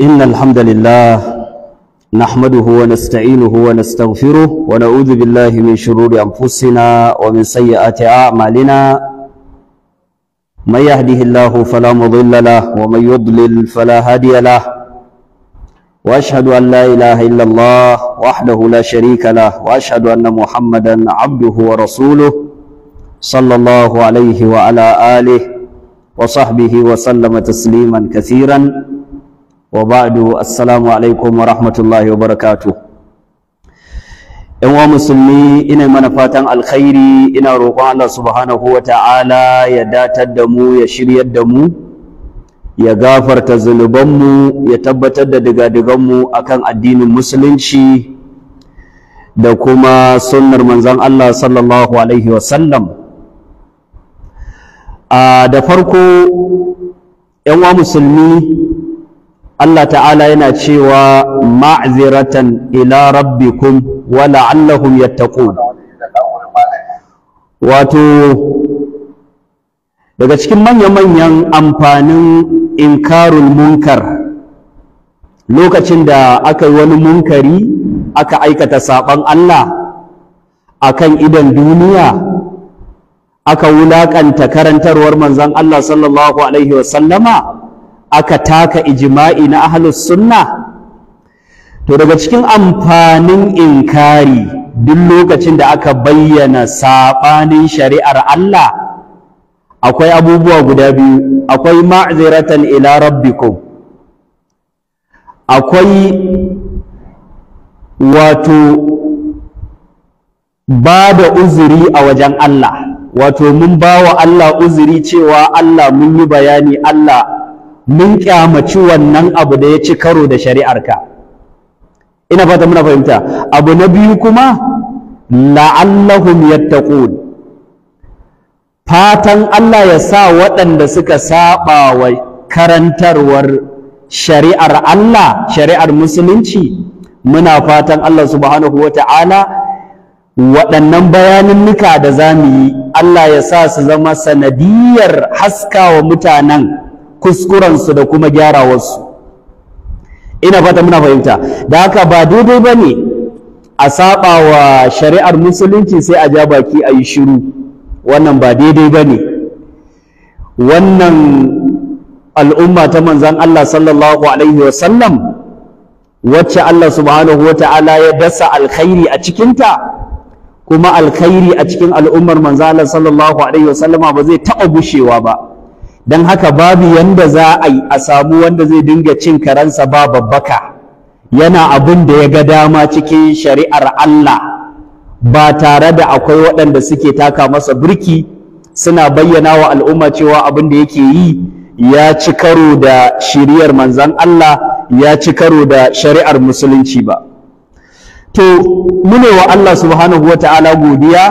إن الحمد لله نحمده ونستعينه ونستغفره ونعوذ بالله من شرور أنفسنا ومن سيئات أعمالنا من يهده الله فلا مضل له ومن يضلل فلا هادي له وأشهد أن لا إله إلا الله وحده لا شريك له وأشهد أن محمدا عبده ورسوله صلى الله عليه وعلى آله وصحبه وسلم تسليما كثيرا وبعد السلام عليكم ورحمة الله وبركاته ‘Yan musulmi ina mana fatan alkhairi ina roƙon Allah subhanahu wa ta'ala ya datar da mu ya shiryar da mu ya gafarta zunubanmu ya tabbatar da diga mu akan addinin musulunci da kuma sunnar manzon Allah sallallahu alaihi wasallam. da farko yan musulmi Allah ta'ala yana cewa Ma'aziratan ila rabbikum wa la'allahum yattaqun wato daga cikin manya-manyan amfanin inkarul munkar lokacin da aka yi wani munkari aka aikata saɓon Allah a kan idan duniya aka wulaƙanta karantarwar manzon Allah sallallahu alaihi wasallama aka taka ijima'i na ahalus sunna to daga cikin amfanin inkari duk lokacin da aka bayyana saɓanin shari'ar Allah akwai abubuwa guda biyu akwai ma'ziratan ila rabbikum akwai wato ba da uzuri a wajen Allah wato mun ba wa Allah uzuri cewa Allah mun yi bayani Allah mun kyamaci wannan abu da ya ci karo da shari'arka ina fata muna fahimta abu na biyu kuma la'allahum yattaqun fatan Allah ya sa waɗanda suka saba wa karantarwar shari'ar Allah shari'ar musulunci muna fatan Allah subhanahu wata'ala waɗannan bayaninnika da za mu yi Allah ya sa su zama sanadiyar haskawa mutanen kuskurensu da kuma gyarawarsu ina fata muna fahimta da haka ba daidai ba ne a saba wa shari'ar musulunci sai a ja baki a yi shiru wannan ba daidai ba ne wannan al'umma ta manzan Allah sallallahu alaihi wasallam wacce Allah subhanahu wa ta'ala ya dasa alkhairi a cikinta kuma alkhairi a cikin al'ummar manzala sallallahu alaihi wasallama ba zai taɓa bushewa ba don haka babu yanda za a yi a samu wanda zai dinga cin karansa ba babbaka yana abin da ya ga dama cikin shari'ar Allah ba tare da akwai waɗanda suke taka masa birki suna bayyana wa al'umma cewa abin da yake yi ya ci karo da shiriyar manzan Allah ya ci karo da shari'ar musulunci ba to mune wa Allah subhanahu ta'ala godiya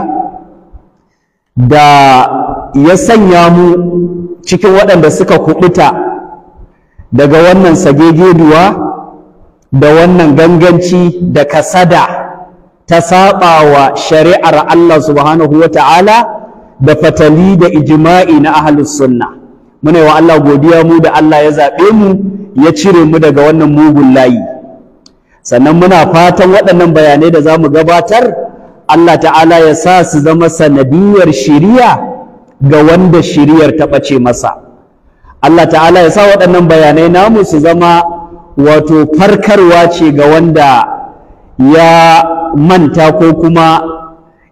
da ya sanya mu cikin waɗanda suka kuɓuta daga wannan sagegeduwa da wannan ganganci da kasada ta saba wa shari'ar Allah subhanahu ta'ala da fatali da ijima'i na ahalus sunna mune wa Allah godiya mu da Allah ya zaɓe mu ya cire mu daga wannan mugun layi sannan muna fatan waɗannan bayanai da za mu gabatar Allah ta'ala ya sa su zama sanadiyar shiriya ga wanda shiriyar ta ɓace masa Allah ta'ala ya sa waɗannan bayanai namu su zama wato farkarwa ce ga wanda ya manta ko kuma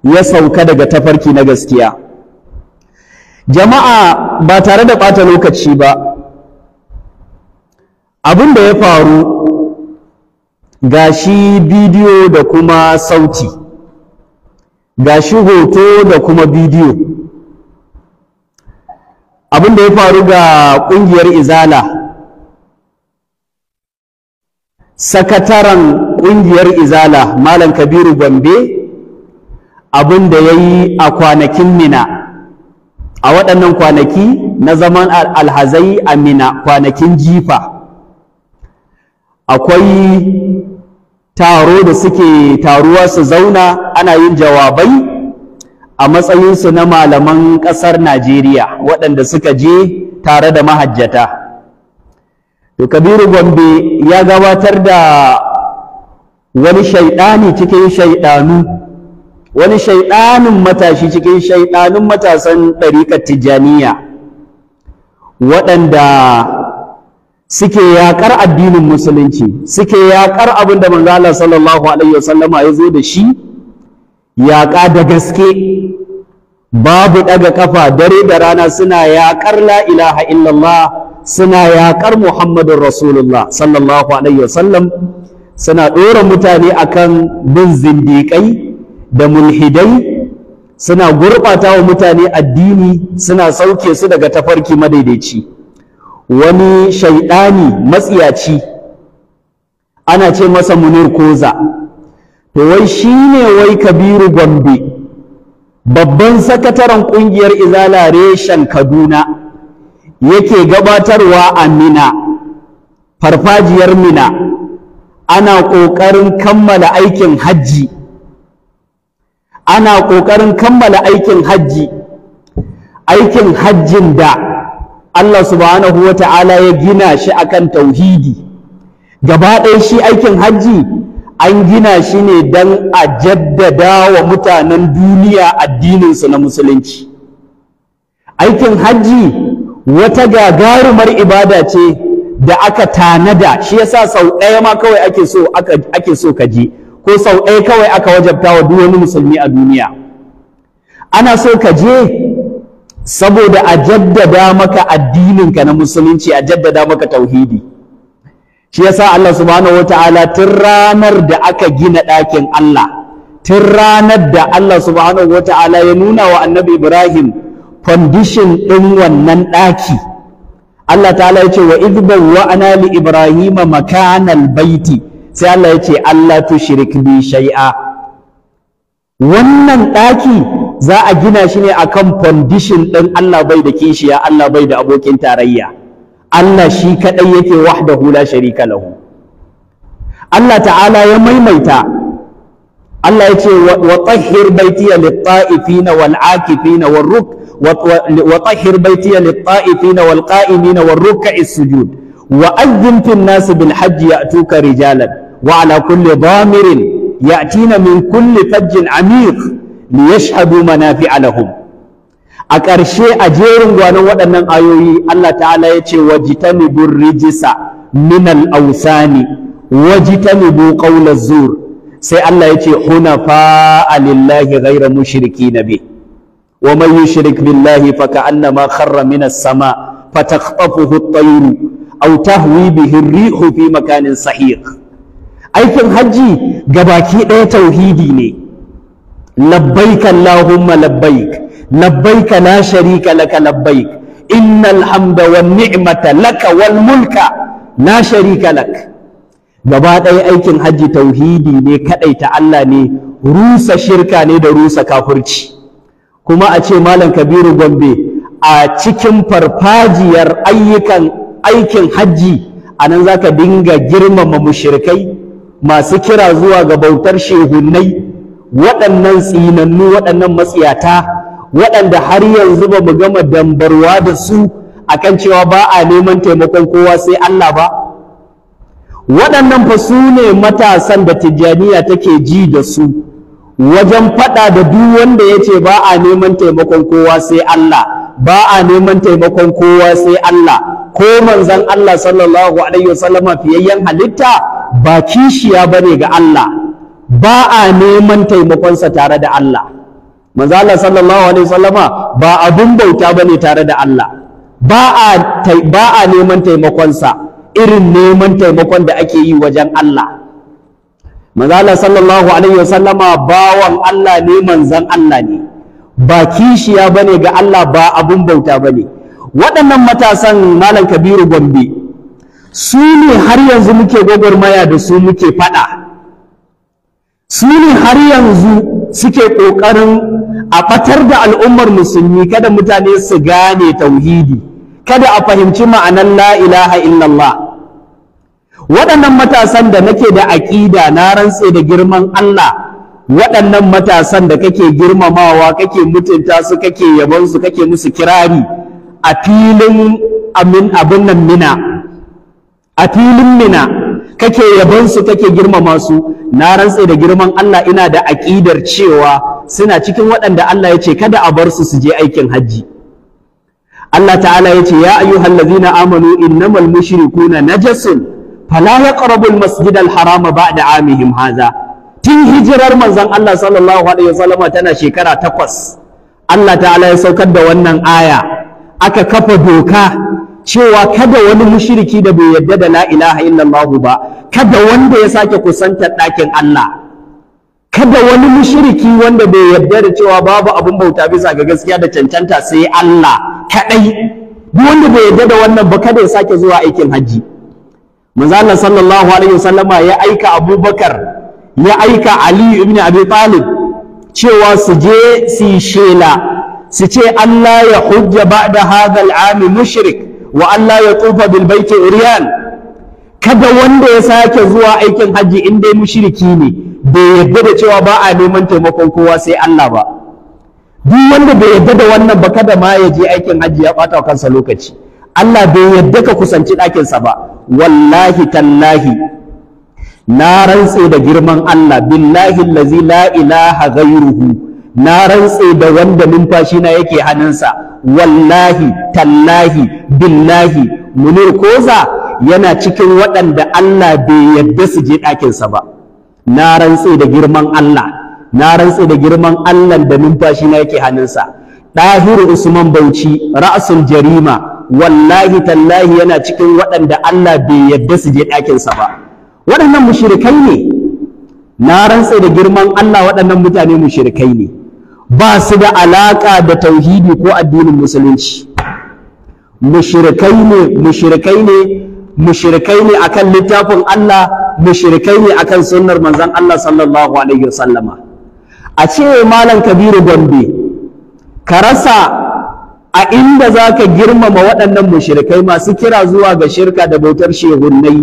ya sauka daga tafarki na gaskiya jama'a ba tare da ɓata lokaci ba abin da ya faru gashi bidiyo da kuma sauti gashi hoto da kuma bidiyo abin da ya faru ga ƙungiyar izala sakataren ƙungiyar izala malam kabiru gombe abin da ya yi a kwanakin mina a waɗannan kwanaki na zaman alhazai a mina kwanakin jifa akwai taro da suke taruwa su zauna ana yin jawabai a matsayinsu na malaman ƙasar Najeriya waɗanda suka je tare da mahajjata. To Kabiru Gombe ya gabatar da wani shaiɗani cikin shaiɗanu, wani shaiɗanin matashi cikin shaiɗanun matasan ɗariƙar Tijjaniya waɗanda suke yaƙar addinin musulunci suke yaƙar abin da manzala sallallahu alaihi wasallama ya zo da shi yaƙa da gaske babu ɗaga kafa dare da rana suna yaƙar la ilaha illallah suna yaƙar muhammadun rasulullah sallallahu alaihi wasallam suna ɗora mutane akan bin zindiƙai da mulhidai suna gurɓata wa mutane addini suna sauke su daga tafarki madaidaici wani shaiɗani matsiyaci ana ce masa munir koza to wai shi ne wai kabiru gombe babban sakataren ƙungiyar izala reshen kaduna yake gabatarwa a mina farfajiyar mina ana ƙoƙarin kammala aikin hajji ana ƙoƙarin kammala aikin hajji aikin hajjin da Allah subhanahu wa ta'ala ya gina shi akan tauhidi gaba ɗaya shi aikin hajji an gina shi ne don a jaddada wa mutanen duniya addininsu na musulunci aikin hajji wata gagarumar ibada ce da aka tanada shi yasa sau ɗaya ma kawai ake so ake so ka je ko sau ɗaya kawai aka wajabta wa duk wani musulmi a duniya ana so ka je saboda a jaddada maka addininka na musulunci a jaddada maka tauhidi shi yasa Allah subhanahu wataala tun ranar da aka gina ɗakin Allah tun ranar da Allah subhanahu wataala ya nuna wa annabi Ibrahim condition ɗin wannan ɗaki Allah ta'ala ya ce wa idban wa li Ibrahim makanal baiti sai Allah ya ce Allah tu shirik bi shay'a wannan ɗaki za a gina shi ne akan foundation ɗin Allah bai da kishiya Allah bai da abokin tarayya Allah shi kaɗai yake wahdahu la sharika lahu Allah ta'ala ya maimaita Allah ya ce wa tahhir baitiya lit-ta'ifina wal-akifina war-ruk wa tahhir baitiya lit-ta'ifina wal-qa'imina war-ruk'i sujud wa adhdhin fin-nas bil-hajj ya'tuka rijalan wa 'ala kulli dhamirin ya'tina min kulli fajjin 'amiq li yashhadu manafi'a lahum a ƙarshe a jerin gwanon waɗannan ayoyi Allah ta'ala ya ce wajitanibu rijisa minal ausani wajitanibu qawla zur sai Allah ya ce hunafa lillahi ghayra mushrikina bih ومن يشرك بالله فكأنما خر من السماء فتخطفه الطير أو تهوي به الريح fi مكان سحيق aikin hajji gabaki ɗaya tauhidi ne labbaik allahumma labbaik labbaik la sharika laka labbaik innal hamda wan ni'mata laka wal mulka la sharika lak gaba ɗaya aikin hajji tauhidi ne ta Allah ne rusa shirka ne da rusa kafirci kuma a ce malam kabiru gombe a cikin farfajiyar ayyukan aikin hajji a nan za ka dinga girmama mushirikai masu kira zuwa ga bautar shehunnai waɗannan tsinannu waɗannan matsiyata waɗanda har yanzu ba mu gama dambarwa da su a kan cewa ba a neman taimakon kowa sai Allah ba waɗannan fa su ne matasan da tijjaniya take ji da su wajen faɗa da duk wanda ya ce ba a neman taimakon kowa sai Allah ba a neman taimakon kowa sai Allah ko manzon Allah sallallahu alaihi wasallama fiyayyen halitta ba kishiya bane ga Allah ba a neman taimakonsa tare da Allah manzo Allah sallallahu alaihi wasallama ba abun bauta bane tare da Allah ba a ba a neman taimakonsa irin neman taimakon da ake yi wajen Allah manzo Allah sallallahu alaihi wasallama bawan Allah ne manzan Allah ne ba kishiya bane ga Allah ba abun bauta bane waɗannan matasan malam Kabiru Gombe su ne har yanzu muke gwagwarmaya da su muke faɗa su ne har yanzu suke ƙoƙarin a fatar da al'ummar musulmi kada mutane su gane tauhidi kada a fahimci ma'anar la ilaha illallah waɗannan matasan da nake da aƙida na rantse da girman Allah waɗannan matasan da kake girmamawa kake mutunta su kake yabon su kake musu kirari a filin abin nan mina a filin mina kake yabon su kake girmama su na rantse da girman Allah ina da aƙidar cewa suna cikin waɗanda Allah yace kada a bar su su je aikin hajji Allah ta'ala ya ce ya ayyuhal amanu innamal mushrikuna najasun fala yaqrabu al harama ba'da amihim haza tun hijirar manzon Allah sallallahu alaihi wasallam tana shekara takwas Allah ta'ala ya saukar da wannan aya aka kafa doka cewa kada wani mushriki da bai yarda da la ilaha illallah ba kada wanda ya sake kusantar ɗakin Allah kada wani mushriki wanda bai yarda da cewa babu abun bauta bisa ga gaskiya da cancanta sai Allah kadai duk wanda bai yarda da wannan ba kada ya sake zuwa aikin haji manzo Allah sallallahu alaihi wasallama ya aika Abubakar ya aika Ali ibn Abi Talib cewa su je su shela su ce Allah ya hujja ba'da hadha al-ami mushrik wa Allah ya tsufa bil baiti uriyan kada wanda ya sake zuwa aikin haji in dai mushriki ne bai yadda da cewa ba a neman taimakon kowa sai Allah ba duk wanda bai yadda da wannan ba kada ma ya je aikin haji ya bata kansa lokaci Allah bai yadda ka kusanci ɗakinsa ba wallahi tallahi na rantse da girman Allah billahi allazi la ilaha ghairuhu na rantse da wanda numfashi na yake hannunsa wallahi tallahi billahi munir koza yana cikin waɗanda Allah bai yadda su je ɗakinsa ba na rantse da girman Allah na rantse da girman Allah da numfashi na yake hannunsa ɗahiru usman bauchi ra'sul jarima wallahi tallahi yana cikin waɗanda Allah bai yadda su je ɗakinsa ba waɗannan mushrikai ne na rantse da girman Allah waɗannan mutane mushrikai ne ba su da alaƙa da tauhidi ko addinin musulunci mushrikai ne mushrikai ne mushrikai ne akan littafin Allah mushrikai ne akan sunnar manzon Allah sallallahu alaihi wasallama a ce malam kabiru gombe ka rasa a inda za ka girmama waɗannan mushrikai masu kira zuwa ga shirka da bautar shehunnai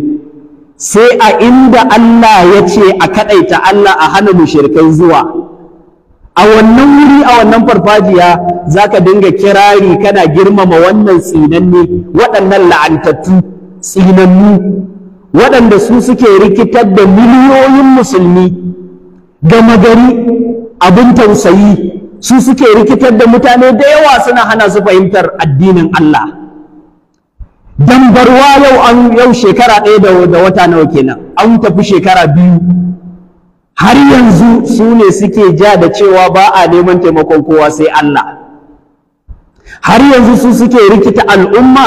sai a inda Allah ya ce a kaɗaita Allah a hana mushrikai zuwa a wannan wuri a wannan farfajiya za ka dinga kirari kana girmama wannan tsinanne waɗannan la'antattu tsinannu waɗanda su suke rikitar da miliyoyin musulmi gama gari abin tausayi su suke rikitar da mutane da yawa suna hana su fahimtar addinin Allah dambarwa yau an yau shekara ɗaya da wata nawa kenan an tafi shekara biyu har yanzu su ne suke ja da cewa ba a neman taimakon kowa sai Allah har yanzu su suke rikita al'umma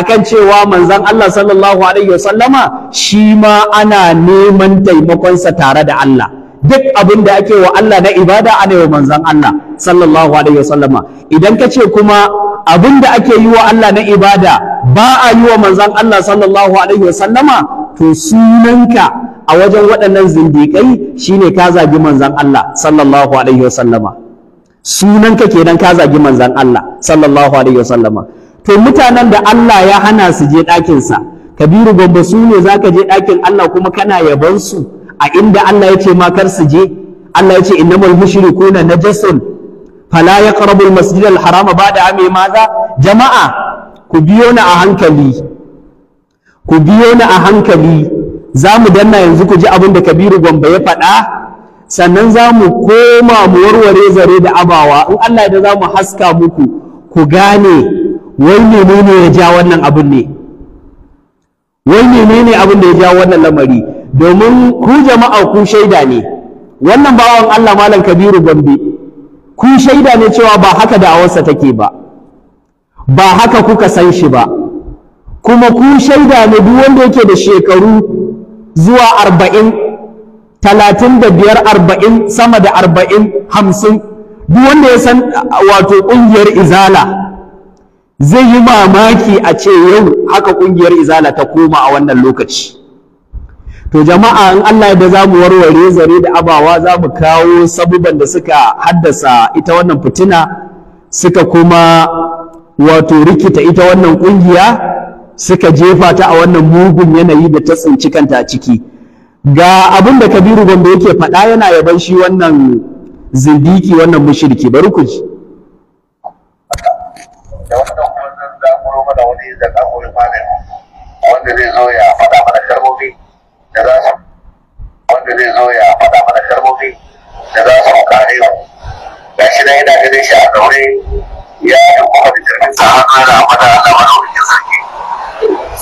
akan cewa manzon Allah sallallahu alaihi wasallama shi ma ana neman taimakonsa tare da Allah duk abin da ake wa Allah na ibada ana wa manzon Allah sallallahu alaihi wasallama idan ka ce kuma abin da ake yi wa Allah na ibada ba a yi wa manzon Allah sallallahu alaihi wasallama to sunanka a wajen waɗannan zindiƙai shine ka zagi manzon Allah sallallahu alaihi wasallama sunanka kenan ka zagi manzon Allah sallallahu alaihi wasallama to mutanen da Allah ya hana su je ɗakinsa kabiru gombe su ne za ka je ɗakin Allah kuma kana yabon su a inda Allah ya ce ma kar su je Allah ya ce innamal mushrikuna najasun fala yaqrabul masjidal harama ba'da ami maza jama'a ku biyo ni a hankali ku biyo ni a hankali za mu danna yanzu ku ji abin da kabiru Gombe ya faɗa sannan za mu koma mu warware zare da abawa in allah da za mu haska muku ku gane wai menene ya ja wannan abin ne wai menene abin da ya ja wannan lamari domin ku jama'a ku shaida ne wannan bawan allah malam kabiru gombe ku shaida ne cewa ba haka da'awarsa take ba ba haka kuka san shi ba kuma ku shaida ne duk wanda yake da shekaru zuwa arba'in talatin da biyar arba'in sama da arba'in hamsin duk wanda ya san wato ƙungiyar izala zai yi mamaki a ce yau haka ƙungiyar izala ta koma a wannan lokaci to jama'a in Allah da za mu warware zare da abawa za mu kawo sabuban da suka haddasa ita wannan fitina suka kuma wato rikita ita wannan ƙungiya suka jefa ta a wannan mugun yanayi da ta tsinci kanta ciki ga abin da kabiru gombe yake faɗa yana yaban shi wannan zindiki wannan mushriki bari ku ji ya faɗa da za da shi na yana ganin shi a ya yi kuma da jirgin sa da kara alamar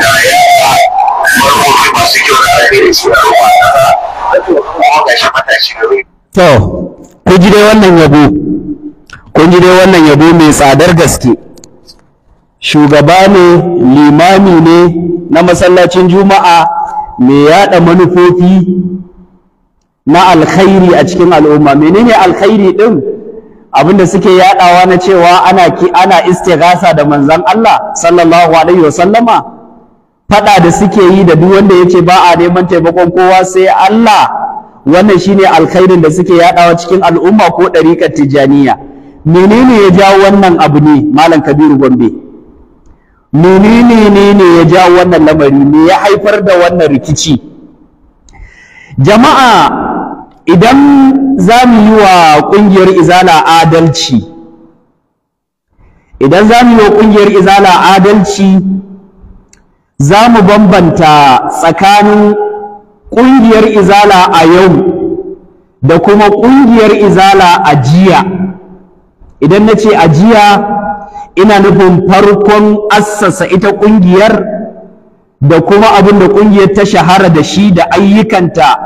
da yawa marmari masu kyau na alheri suna ruwa da kuma ga shi matashi gare to ku ji dai wannan yabo kun ji dai wannan yabo mai tsadar gaske shugaba ne limami ne na masallacin juma'a mai yada manufofi na alkhairi a cikin al'umma menene alkhairi din abinda suke yadawa na cewa ana ki ana istighasa da manzon Allah sallallahu alaihi wasallama Faɗa da suke yi da duk wanda ya ce ba a neman taimakon kowa sai Allah wannan shine alkhairin da suke yadawa cikin al'umma ko ɗariƙar tijjaniya menene ya jawo wannan abu ne malam kabiru gombe menene ne ne ya jawo wannan lamari ne, ya haifar da wannan rikici jama'a idan za mu yi wa ƙungiyar izala adalci idan za mu yi wa ƙungiyar izala adalci za mu bambanta tsakanin ƙungiyar izala a yau da kuma ƙungiyar izala a jiya idan na ce a jiya ina nufin farkon assasa ita ƙungiyar da kuma abin da ƙungiyar ta shahara da shi da ayyukanta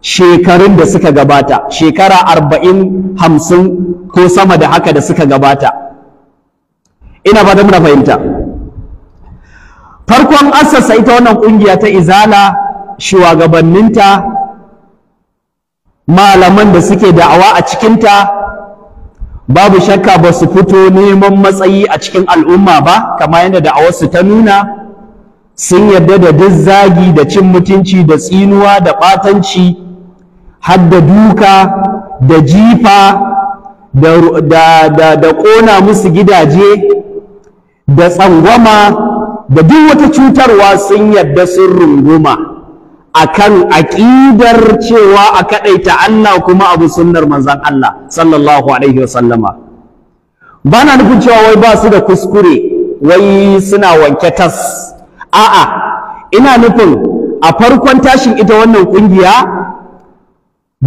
shekarun da suka gabata shekara arba'in hamsin ko sama da haka da suka gabata ina ba da muna fahimta farkon assasa ita wannan kungiya ta izala shugabanninta malaman da suke da'awa a cikinta babu shakka ba su fito neman matsayi a cikin al'umma ba kama yadda su ta nuna sun yarda da duk zagi da cin mutunci da tsinuwa da ɓatanci har duka da jifa da ƙona musu gidaje da tsangwama da duk wata cutarwa sun yadda sun runguma akan aƙidar cewa a kaɗaita Allah kuma abu sunnar manzan Allah sallallahu alaihi wasallama ba na nufin cewa wai ba su da kuskure wai suna wanke tas a'a ina nufin a farkon tashin ita wannan ƙungiya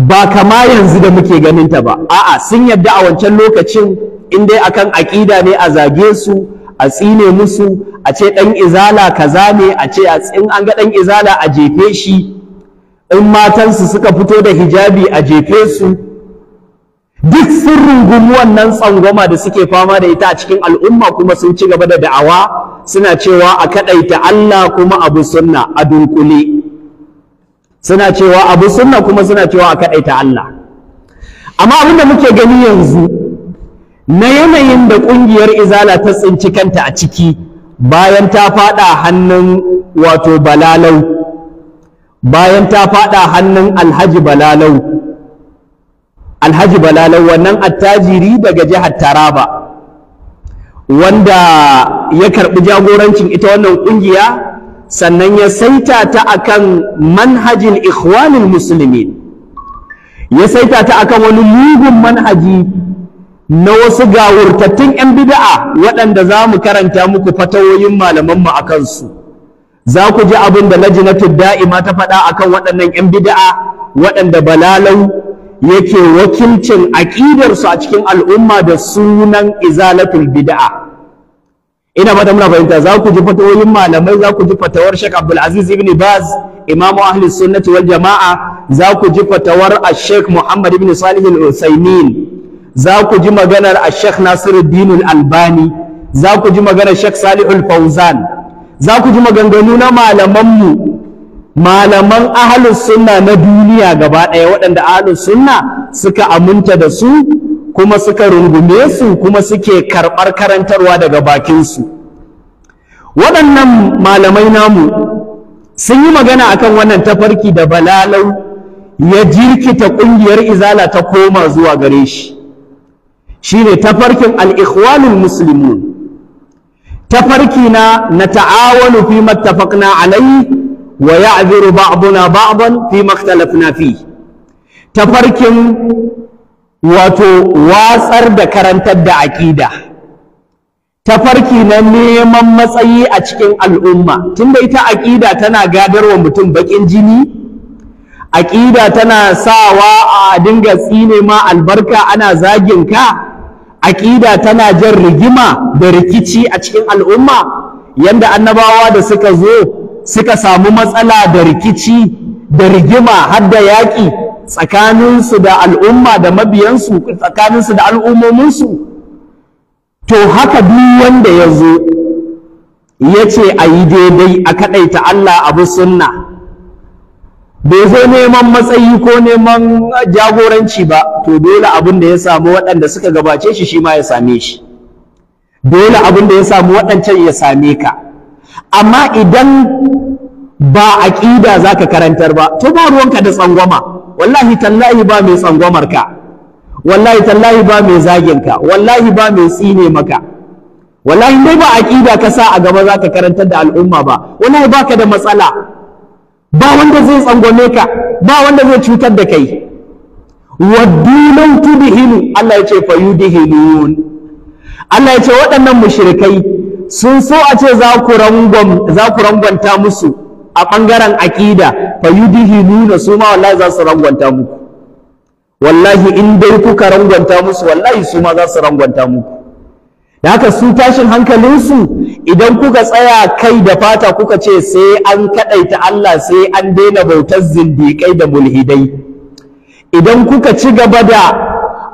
ba kama yanzu da muke ganinta ba a'a sun yadda a wancan lokacin in dai akan aƙida ne a zage su a tsine musu a ce ɗan izala kaza ne a ce in an ga ɗan izala a jefe shi in matansu suka fito da hijabi a jefe su duk sirrin gumu wannan tsangwama da suke fama da ita a cikin al'umma kuma sun ci gaba da da'awa suna cewa a kaɗaita Allah kuma abu sunna a dunkule suna cewa abu sunna kuma suna cewa a kaɗaita Allah amma abin da muke gani yanzu na yanayin da ƙungiyar izala ta tsinci kanta a ciki bayan ta faɗa hannun wato balalau bayan ta faɗa hannun alhaji balalau alhaji balalau wannan attajiri daga jihar taraba wanda ya karɓi jagorancin ita wannan ƙungiya sannan ya saita ta akan manhajin ikhwanin musulmi ya saita ta akan wani mugun manhaji na wasu gawurtattun 'yan bida'a waɗanda za mu karanta muku fatawoyin malamanmu a kansu za ku ji abin da lajinatul da'ima ta faɗa akan waɗannan 'yan bida'a waɗanda balalau yake wakilcin aƙidarsu a cikin al'umma da sunan izalatul bida'a ina fata muna fahimta za ku ji fatawoyin malamai za ku ji fatawar Sheikh Abdul Aziz ibn Baz Imam ahli sunnati wal jama'a za ku ji fatawar Sheikh Muhammad ibn Salih al za ku ji maganar a Sheikh Nasiruddin Albani za ku ji maganar Sheikh Salihul Fauzan za ku ji maganganu na malamanmu malaman ahlus sunna na duniya gaba ɗaya waɗanda ahlus sunna suka aminta da su kuma suka rungume su kuma suke karɓar karantarwa daga bakinsu waɗannan malamai namu sun yi magana akan wannan tafarki da balalau ya jirkita ƙungiyar izala ta koma zuwa gare shi shine tafarkin al-ikhwanul muslimun tafarki na na ta'awanu fi mattafaqna alai wa ya'dhiru ba'duna ba'dan fi maktalafna fi tafarkin wato watsar da karantar da aƙida tafarki na neman matsayi a cikin al'umma tunda ita aƙida tana gadarwa mutum baƙin jini aƙida tana sawa a dinga tsine ma albarka ana zagin ka aƙida tana jan rigima da rikici a cikin al'umma yanda annabawa da suka zo suka samu matsala da rikici da rigima har da yaƙi tsakaninsu da al'umma da mabiyansu tsakaninsu da al'ummominsu to haka duk wanda ya zo ya ce a yi daidai a kaɗaita Allah abu sunna bai zo neman matsayi ko neman jagoranci ba to dole abin da ya samu waɗanda suka gabace shi shi ma ya same shi dole abin da ya samu waɗancan ya same ka amma idan ba aƙida za ka karantar ba to ba ruwanka da tsangwama wallahi tallahi ba mai tsangwamar ka wallahi tallahi ba mai zagin ka wallahi ba mai tsine maka wallahi dai ba aƙida ka sa a gaba za ka karantar da al'umma ba wallahi ka da matsala ba wanda zai tsangwame ka ba wanda zai cutar da kai waddu law tudhinu Allah ya ce fa yudhinun Allah ya ce waɗannan mushrikai sun so a ce za ku rangwam za ku rangwanta musu a ɓangaren aƙida fa yudhinuna su ma wallahi za su rangwanta muku wallahi in dai kuka rangwanta musu wallahi su ma za su rangwanta muku da haka su tashin hankalinsu idan kuka tsaya kai da fata kuka ce sai an kaɗaita Allah sai an daina bautar zindiƙai da mulhidai idan kuka ci gaba da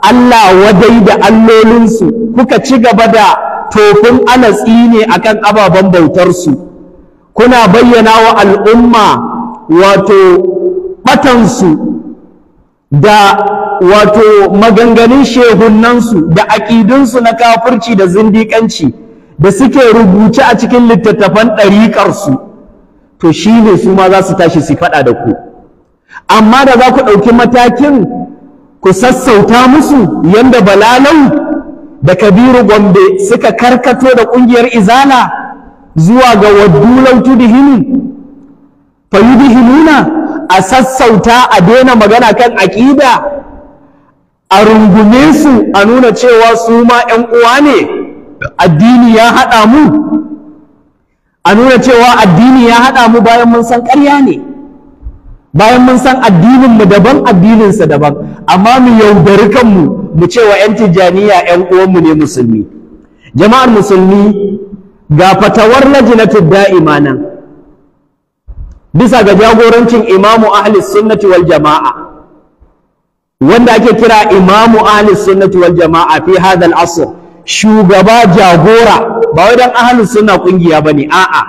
Allah wadai da allolinsu kuka ci gaba da tofin anatsi ne akan ababen bautarsu kuna bayyana wa al'umma wato batansu da wato maganganun shehunansu da aƙidunsu na kafirci da zindiƙanci da suke rubuce a cikin littattafan ɗariƙarsu to shi ne su ma za su tashi su faɗa da ku amma da za ku ɗauki matakin ku sassauta musu yadda balalau da kabiru gombe suka karkato da ƙungiyar izala zuwa ga waddu lautu dihini a sassauta a daina magana kan aƙida a rungume su a nuna cewa su ma 'yan uwa ne addini ya haɗa mu a nuna cewa addini ya haɗa mu bayan mun san ƙarya ne bayan mun san addinin mu daban addininsa daban amma mu yaudari kanmu mu cewa 'yan tijjaniya 'yan uwanmu ne musulmi jama'ar musulmi ga fatawar lajinatul da'ima nan bisa ga jagorancin imamu ahli sunnati wal jama'a wanda ake kira imamu ahli sunnati wal jama'a fi hadal asr shugaba jagora ba wai dan ahli sunna kungiya bane a'a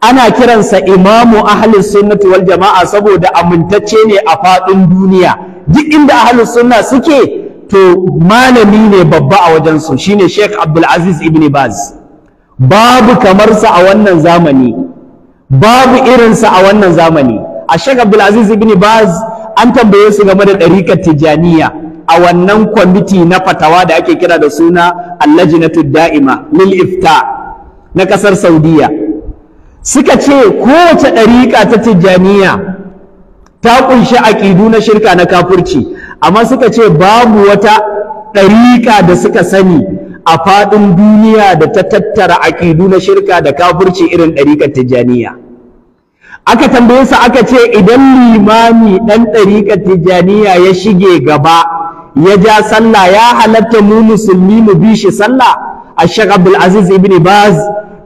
ana kiransa imamu ahli sunnati wal jama'a saboda amintacce ne a faɗin duniya duk inda ahli sunna suke to malami ne babba a wajen wajensu shine Sheikh Abdul Aziz Ibn Baz babu kamarsa a wannan zamani babu irin irinsa a wannan zamani a shek abdulaziz ibn baz an tambaye su game da ɗarikar tijaniya a wannan kwamiti na fatawa da ake kira da suna allajinatu da'ima lil ifta na ƙasar saudiya suka ce kowace ɗarika ta tijaniya ta ƙunshi aƙidu na shirka na kafurci amma suka ce babu wata ɗarika da suka sani a faɗin duniya da ta tattara aƙidu na shirka da kafirci irin ɗarikar tijjaniya aka tambaye su aka ce idan limami ɗan ɗarikar tijjaniya ya shige gaba ya ja sallah ya halatta mu musulmi mu bi shi sallah a abdul aziz ibn baz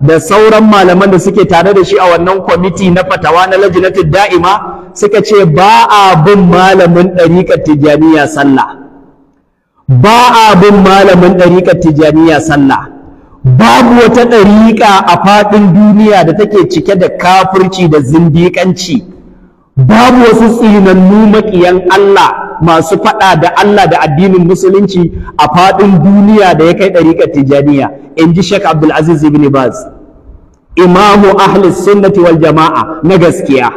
da sauran malaman da suke tare da shi a wannan kwamiti na fatawa na lajinatul da'ima suka ce ba a bin malamin ɗarikar tijjaniya sallah ba a bin malamin ɗariƙar tijaniya sallah babu wata ɗariƙa a faɗin duniya da take cike da kafurci da zindiƙanci babu wasu tsinannu maƙiyan Allah masu faɗa da Allah da addinin musulunci a faɗin duniya da ya kai ɗariƙar tijaniya in ji Sheikh Abdulaziz ibn Baz imamu Ahlis, sunnati wal jama'a na gaskiya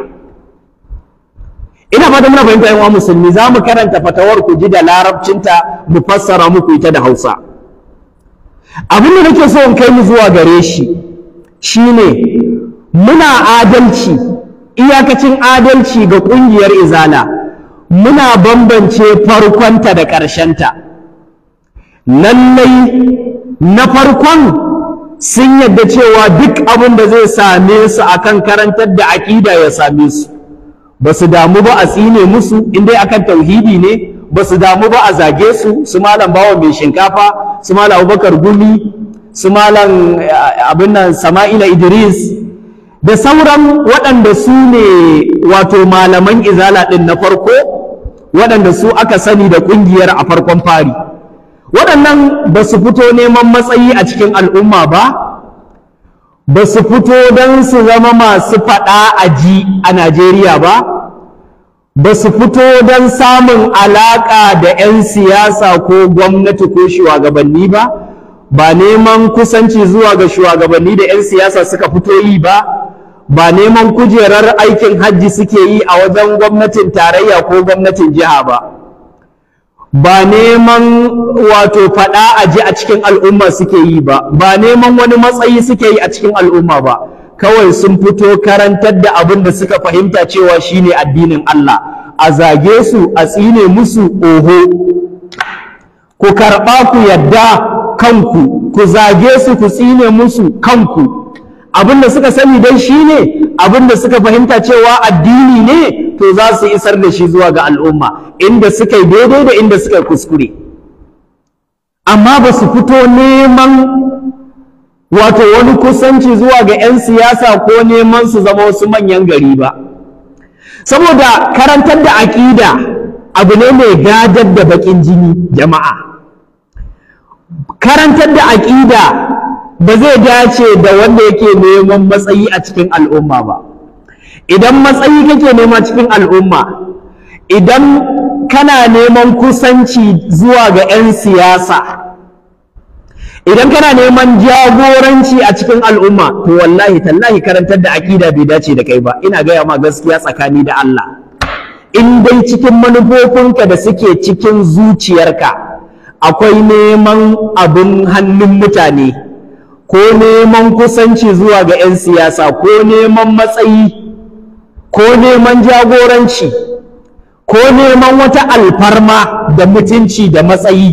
ina fata muna fahimta yan musulmi za mu karanta fatawar ku ji da larabcinta mu fassara muku ita da hausa abin da nake so in kai mu zuwa gare shi shine muna adalci iyakacin adalci ga ƙungiyar izala muna bambance farkonta da ƙarshenta lallai na farkon sun yadda cewa duk abin da zai same su akan karantar da aƙida ya same su ba su damu ba a tsine musu in dai akan tauhidi ne ba su damu ba a zage su su malam bawa mai shinkafa su malam abubakar gumi su malam eh, abin nan sama'ila idris da sauran waɗanda su ne wato malaman izala ɗin na farko waɗanda su aka sani da ƙungiyar a farkon fari waɗannan ba su fito neman matsayi a cikin al'umma ba ba su fito don su zama masu faɗa a ji a Najeriya ba ba su fito don samun alaƙa da 'yan siyasa ko gwamnati ko shugabanni ba ba neman kusanci zuwa ga shugabanni da 'yan siyasa suka fito yi ba ba neman kujerar aikin hajji suke yi a wajen gwamnatin tarayya ko gwamnatin jiha ba ba neman wato faɗa a ji a cikin al'umma suke yi ba ba neman wani matsayi suke yi a cikin al'umma ba kawai sun fito karantar da abin da suka fahimta cewa shine addinin Allah a zage su a tsine musu oho ku karɓa ku yadda kanku ku zage su ku tsine musu kanku abin da suka sani dai shine abin da suka fahimta cewa addini ne to za su isar da shi zuwa ga al'umma inda suka yi daidai da inda suka kuskure amma ba su fito neman wato wani kusanci zuwa ga 'yan siyasa ko neman su zama wasu manyan gari ba saboda karantar da aƙida abu ne mai gadar da baƙin jini jama'a karantar da aƙida ba zai dace da wanda yake neman matsayi a cikin al'umma ba idan matsayi kake nema cikin al'umma idan kana neman kusanci zuwa ga 'yan siyasa idan kana neman jagoranci a cikin al'umma to wallahi tallahi karantar da akida bai dace da kai ba ina gaya ma gaskiya tsakani da Allah in dai cikin manufofinka da suke cikin zuciyarka akwai neman abin hannun mutane ko neman kusanci zuwa ga 'yan siyasa ko neman matsayi ko neman jagoranci ko neman wata alfarma da mutunci da matsayi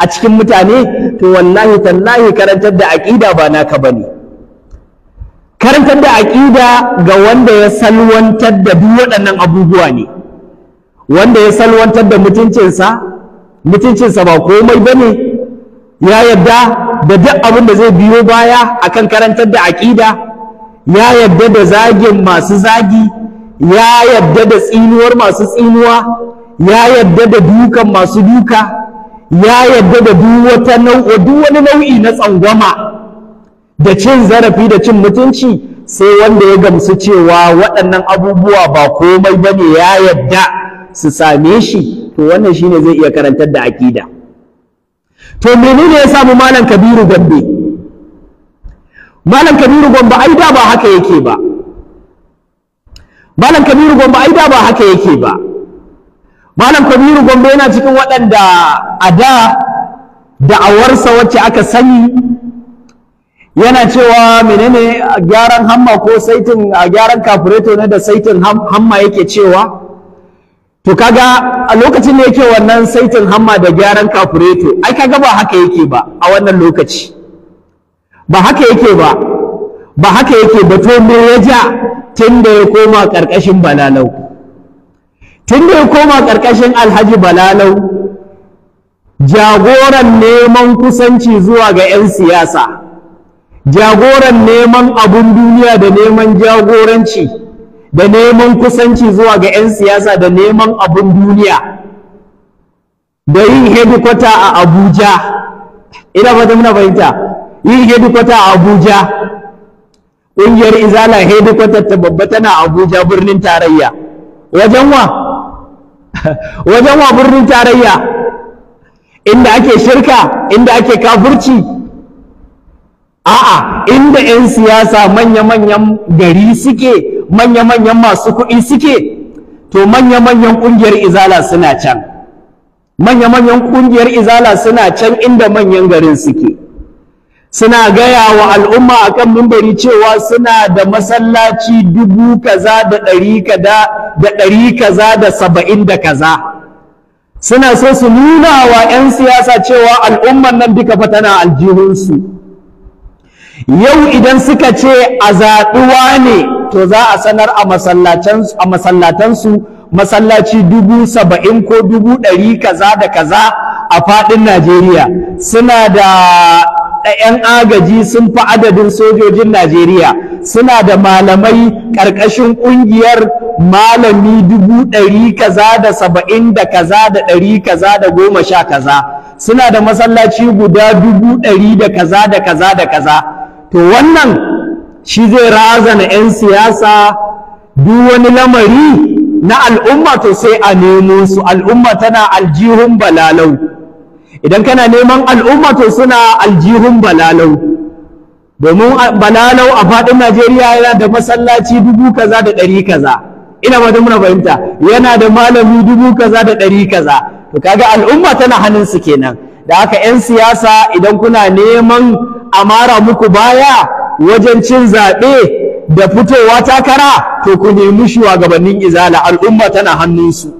a cikin mutane to wallahi tallahi karantar da aƙida ba naka bane karantar da aƙida ga wanda ya salwantar da duk waɗannan abubuwa ne wanda ya salwantar da mutuncinsa mutuncinsa ba komai bane ya yadda da duk abin da zai biyo baya akan karantar da aƙida ya yadda da zagin masu zagi ya yadda da tsinuwar masu tsinuwa ya yadda da dukan masu duka ya yadda da duwata duk wani nau'i na tsangwama da cin zarafi da cin mutunci sai wanda ya gamsu cewa waɗannan abubuwa ba komai ba ne ya yadda su same shi to wannan shine zai iya karantar da akida to menene ya samu malam kabiru gambe malam kabiru gambe ai da ba haka yake ba malam kabiru gombe ai da ba haka yake ba malam kabiru gombe yana cikin waɗanda a da da'awarsa wacce aka sani yana cewa menene gyaran hamma ko saitin a gyaran kafureto ne da saitin hamma yake cewa to kaga a lokacin da yake wannan saitin hamma da gyaran kafureto ai kaga ba haka yake ba a wannan lokaci ba haka yake ba ba haka yake ba to me ya ja tun ya koma ƙarƙashin balalau tun da ya koma ƙarƙashin alhaji balalau jagoran neman kusanci zuwa ga 'yan siyasa jagoran neman abun duniya da neman jagoranci da neman kusanci zuwa ga 'yan siyasa da neman abun duniya da yin hedikwata a abuja ina fata muna fahimta yin hedikwata a abuja ƙungiyar izala hedikwatar ta babba tana abuja birnin tarayya wajen wa wajen wa birnin tarayya inda ake shirka inda ake kafurci a'a inda 'yan siyasa manya-manyan gari suke manya-manyan masu kuɗi suke to manya-manyan ƙungiyar izala suna can manya-manyan ƙungiyar izala suna can inda manyan garin suke suna gaya wa al'umma kan mimbari cewa suna da masallaci dubu kaza da ɗari kaza da ɗari kaza da saba'in da kaza suna so su nuna wa 'yan siyasa cewa al'umman nan duka fa tana aljihunsu yau idan suka ce a zaɗuwa ne to za a sanar a masallatansu masallaci dubu saba'in ko dubu ɗari kaza da kaza a faɗin najeriya suna da 'yan agaji sun fi adadin sojojin Najeriya suna da malamai ƙarƙashin ƙungiyar malami dubu ɗari kaza da saba'in da kaza da ɗari kaza da goma sha kaza suna da masallaci guda dubu ɗari da kaza da kaza da kaza to wannan shi zai razana 'yan siyasa duk wani lamari na al'umma to sai a nemo su al'umma tana aljihun balalau idan kana neman al'umma to suna aljihun balalau domin balalau a faɗin najeriya yana da masallaci dubu kaza da ɗari kaza ina ba muna fahimta yana da malami dubu kaza da ɗari kaza to kaga al'umma tana hannunsu kenan da haka 'yan siyasa idan kuna neman amara muku baya wajen cin zaɓe da fitowa takara to ku nemi shugabannin izala al'umma tana hannunsu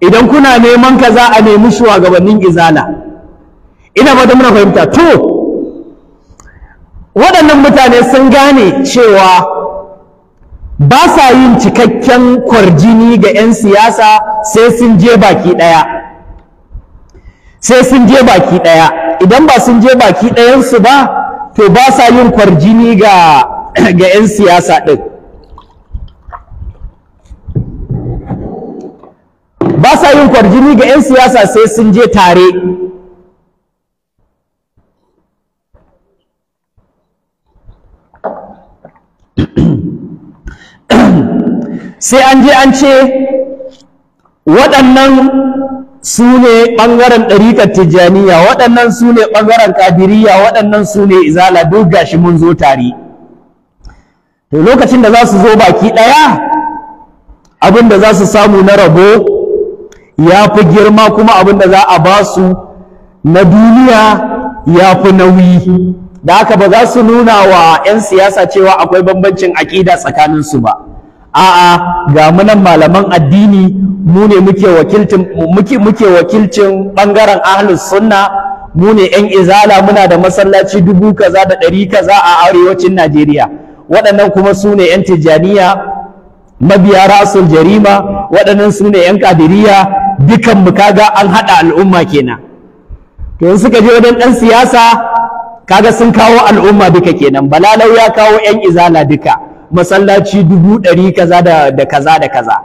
idan kuna neman ka za a nemi shugabannin izala ina ba muna fahimta to waɗannan mutane sun gane cewa ba sa yin cikakken kwarjini ga 'yan siyasa sai sun je baki ɗaya sai sun je baki ɗaya idan ba sun je baki ɗayansu ba to ba sa yin kwarjini ga 'yan siyasa ɗin ba sa yin kwarjini ga 'yan siyasa sai sun je tare sai an je an ce waɗannan su ne ɓangaren ɗarikar tijjaniya waɗannan su ne ɓangaren kadiriya waɗannan su ne izala duk gashi mun zo tare to lokacin da za su zo baki ɗaya abin da za su samu na rabo ya fi girma kuma abin da za a ba su na duniya ya fi nauyi da haka ba za su nuna wa 'yan siyasa cewa akwai bambancin aƙida tsakaninsu ba a'a ga munan malaman addini mu ne muke wakilcin muke wakilcin bangaren ahlus sunna mu ne 'yan izala muna da masallaci dubu kaza da ɗari kaza a arewacin najeriya waɗannan kuma su ne 'yan tijjaniya mabiya rasul jarima waɗannan su ne yan kadiriya dukan mu kaga an haɗa al'umma kenan to in suka je wajen ɗan siyasa kaga sun kawo al'umma duka kenan balalau ya kawo yan izala duka masallaci dubu ɗari kaza da, kaza da kaza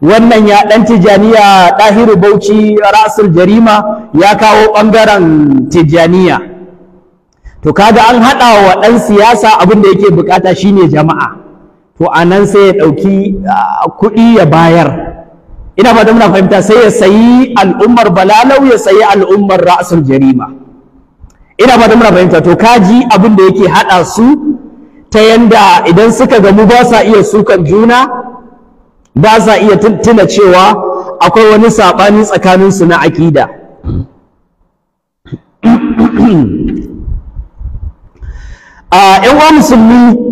wannan ya ɗan tijaniya ɗahiru bauchi rasul jarima ya kawo ɓangaren tijaniya to kaga an haɗa wa ɗan siyasa abin da yake bukata shine jama'a to a nan sai ya ɗauki kuɗi ya bayar ina ba da muna fahimta sai ya sayi al'ummar balalau ya sayi al'ummar ra'asul jarima ina ba da muna fahimta to kaji abin da yake haɗa su ta yanda idan suka gamu ba sa iya sukan juna ba sa iya tuna cewa akwai wani saɓani tsakaninsu na aƙida a 'yan uwa musulmi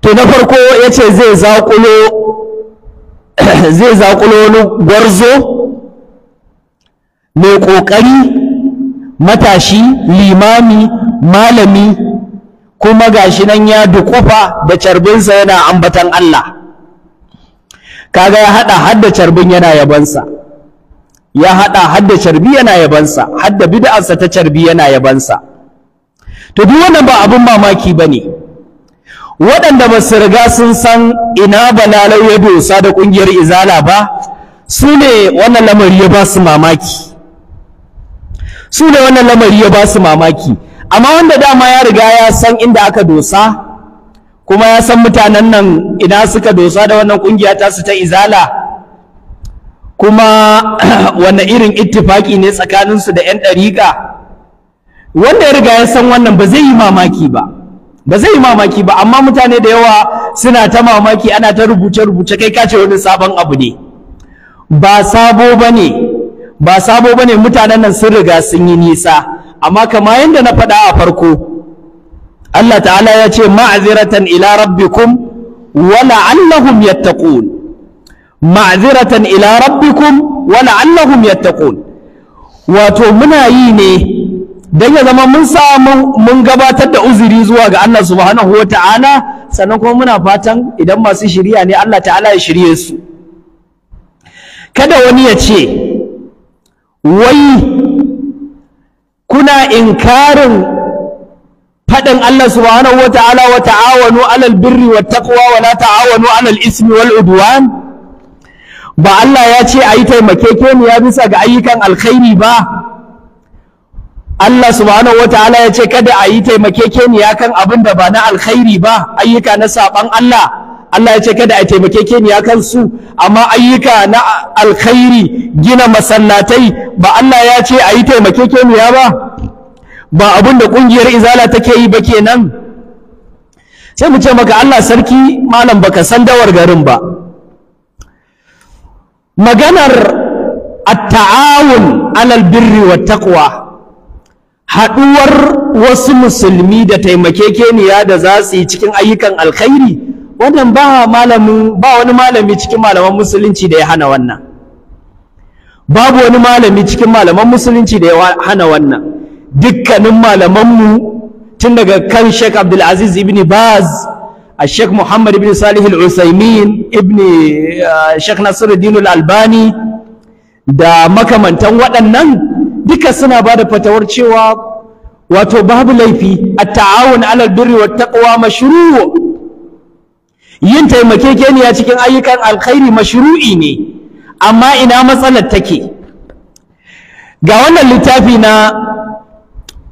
to na farko ya ce zai zaƙulo zai zaƙulo wani gwarzo mai ƙoƙari matashi limami malami kuma gashi nan ya dukufa da carbinsa yana ambatan Allah kaga ya haɗa hadda carbin yana yabansa ya haɗa hadda carbi yana yabansa hadda bid'arsa ta carbi yana yabansa to duk wannan ba abin mamaki ba ne waɗanda ba su riga sun san ina balalau ya dosa da ƙungiyar izala ba su ne wannan lamari ya ba su mamaki su ne wannan lamari ya ba su mamaki amma wanda dama ya riga ya san inda aka dosa kuma ya san mutanen nan ina suka dosa da wannan ƙungiya ta su ta izala kuma wanne irin ittifaki ne tsakaninsu da 'yan ɗariƙa wanda ya riga ya san wannan ba zai yi mamaki ba ba zai yi mamaki ba amma mutane da yawa suna ta mamaki ana ta rubuce rubuce kai kace wani sabon abu ne ba sabo bane ba sabo bane mutanen nan sun riga sun yi nisa amma kamar yadda na faɗa a farko Allah ta'ala ya ce ma'aziratan ila rabbikum wa la'allahum yattaqun ma'aziratan ila rabbikum wa la'allahum yattaqun wato muna yi ne dan ya zama mun sa mun gabatar da uzuri zuwa ga Allah subhanahu wata'ala sannan kuma muna fatan idan masu shiriya ne Allah ta'ala ya shirye su kada wani ya ce wai kuna inkarin faɗin Allah subhanahu wata'ala wa ta'awanu alal birri wat taqwa wa la ta'awanu alal ismi wal udwan ba Allah ya ce ayi taimakekeniya bisa ga ayyukan alkhairi ba Allah subhanahu wataala ya ce kada a yi taimakekeniya kan abin da ba na alkhairi ba ayyuka na saban Allah Allah ya ce kada a taimakekeniya kan su amma ayyuka na alkhairi gina masallatai ba Allah ya ce a yi taimakekeniya ba ba abin da ƙungiyar izala take yi ba kenan sai mu ce maka Allah sarki malam baka san dawar garin ba maganar at-ta'awun alal birri wat taqwa haɗuwar wasu musulmi da taimakekeniya da za su yi cikin ayyukan alkhairi wannan ba malamin ba wani malami cikin malaman musulunci da ya hana wannan babu wani malami cikin malaman musulunci da ya hana wannan dukkanin malamanmu tun daga kan Sheikh Abdulaziz ibn Baz muhammad ibn salih al-usaimin ibn eh, shek Nasiru الدين Albani, da makamantan waɗannan duka suna ba da fatawar cewa wato babu laifi a ta'awun alal birri wa taqwa mashru'u yin taimakekeniya cikin ayyukan alkhairi mashru'i ne amma ina matsalar take ga wannan littafi na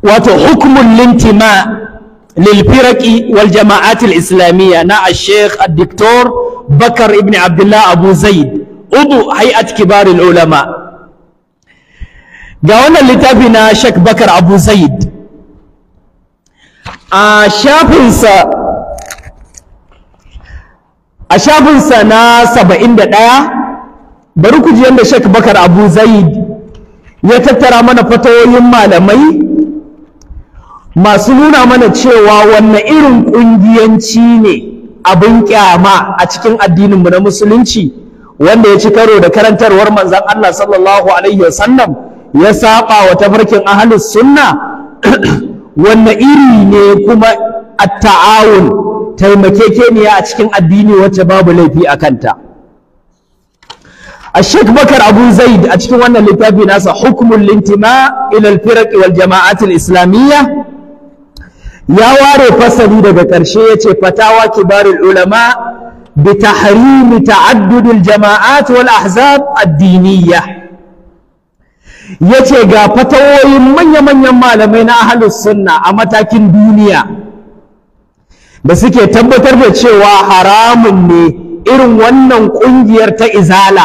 wato hukmun lintima lilfiraki wal jama'atil islamiyya na al-sheikh al bakar ibn abdullah abu zaid udu hay'at kibar ulama ga wannan littafi na Sheikh Bakar Abu Zaid a shafinsa a shafinsa na saba'in da ɗaya bari ku ji yadda Sheikh Bakar Abu Zaid ya tattara mana fatawoyin malamai masu nuna mana cewa wanne irin ƙungiyanci ne abin kyama a cikin addininmu na musulunci wanda ya ci karo da karantarwar manzon Allah sallallahu alaihi wasallam ya saba wa tafarkin ahlus sunna wanne iri ne kuma at-ta'awun taimakekeniya a cikin addini wacce babu laifi a kanta الشيخ بكر أبو زيد أشكي وانا لتابي ناسا حكم الانتماء إلى الفرق والجماعات الإسلامية يا واري فسدي دقا كرشية فتاوى كبار العلماء بتحريم تعدد الجماعات والأحزاب الدينية ya ce ga fatawoyin manya-manyan malamai na ahalus sunna a matakin duniya da suke tabbatar da cewa haramun ne irin wannan ƙungiyar ta izala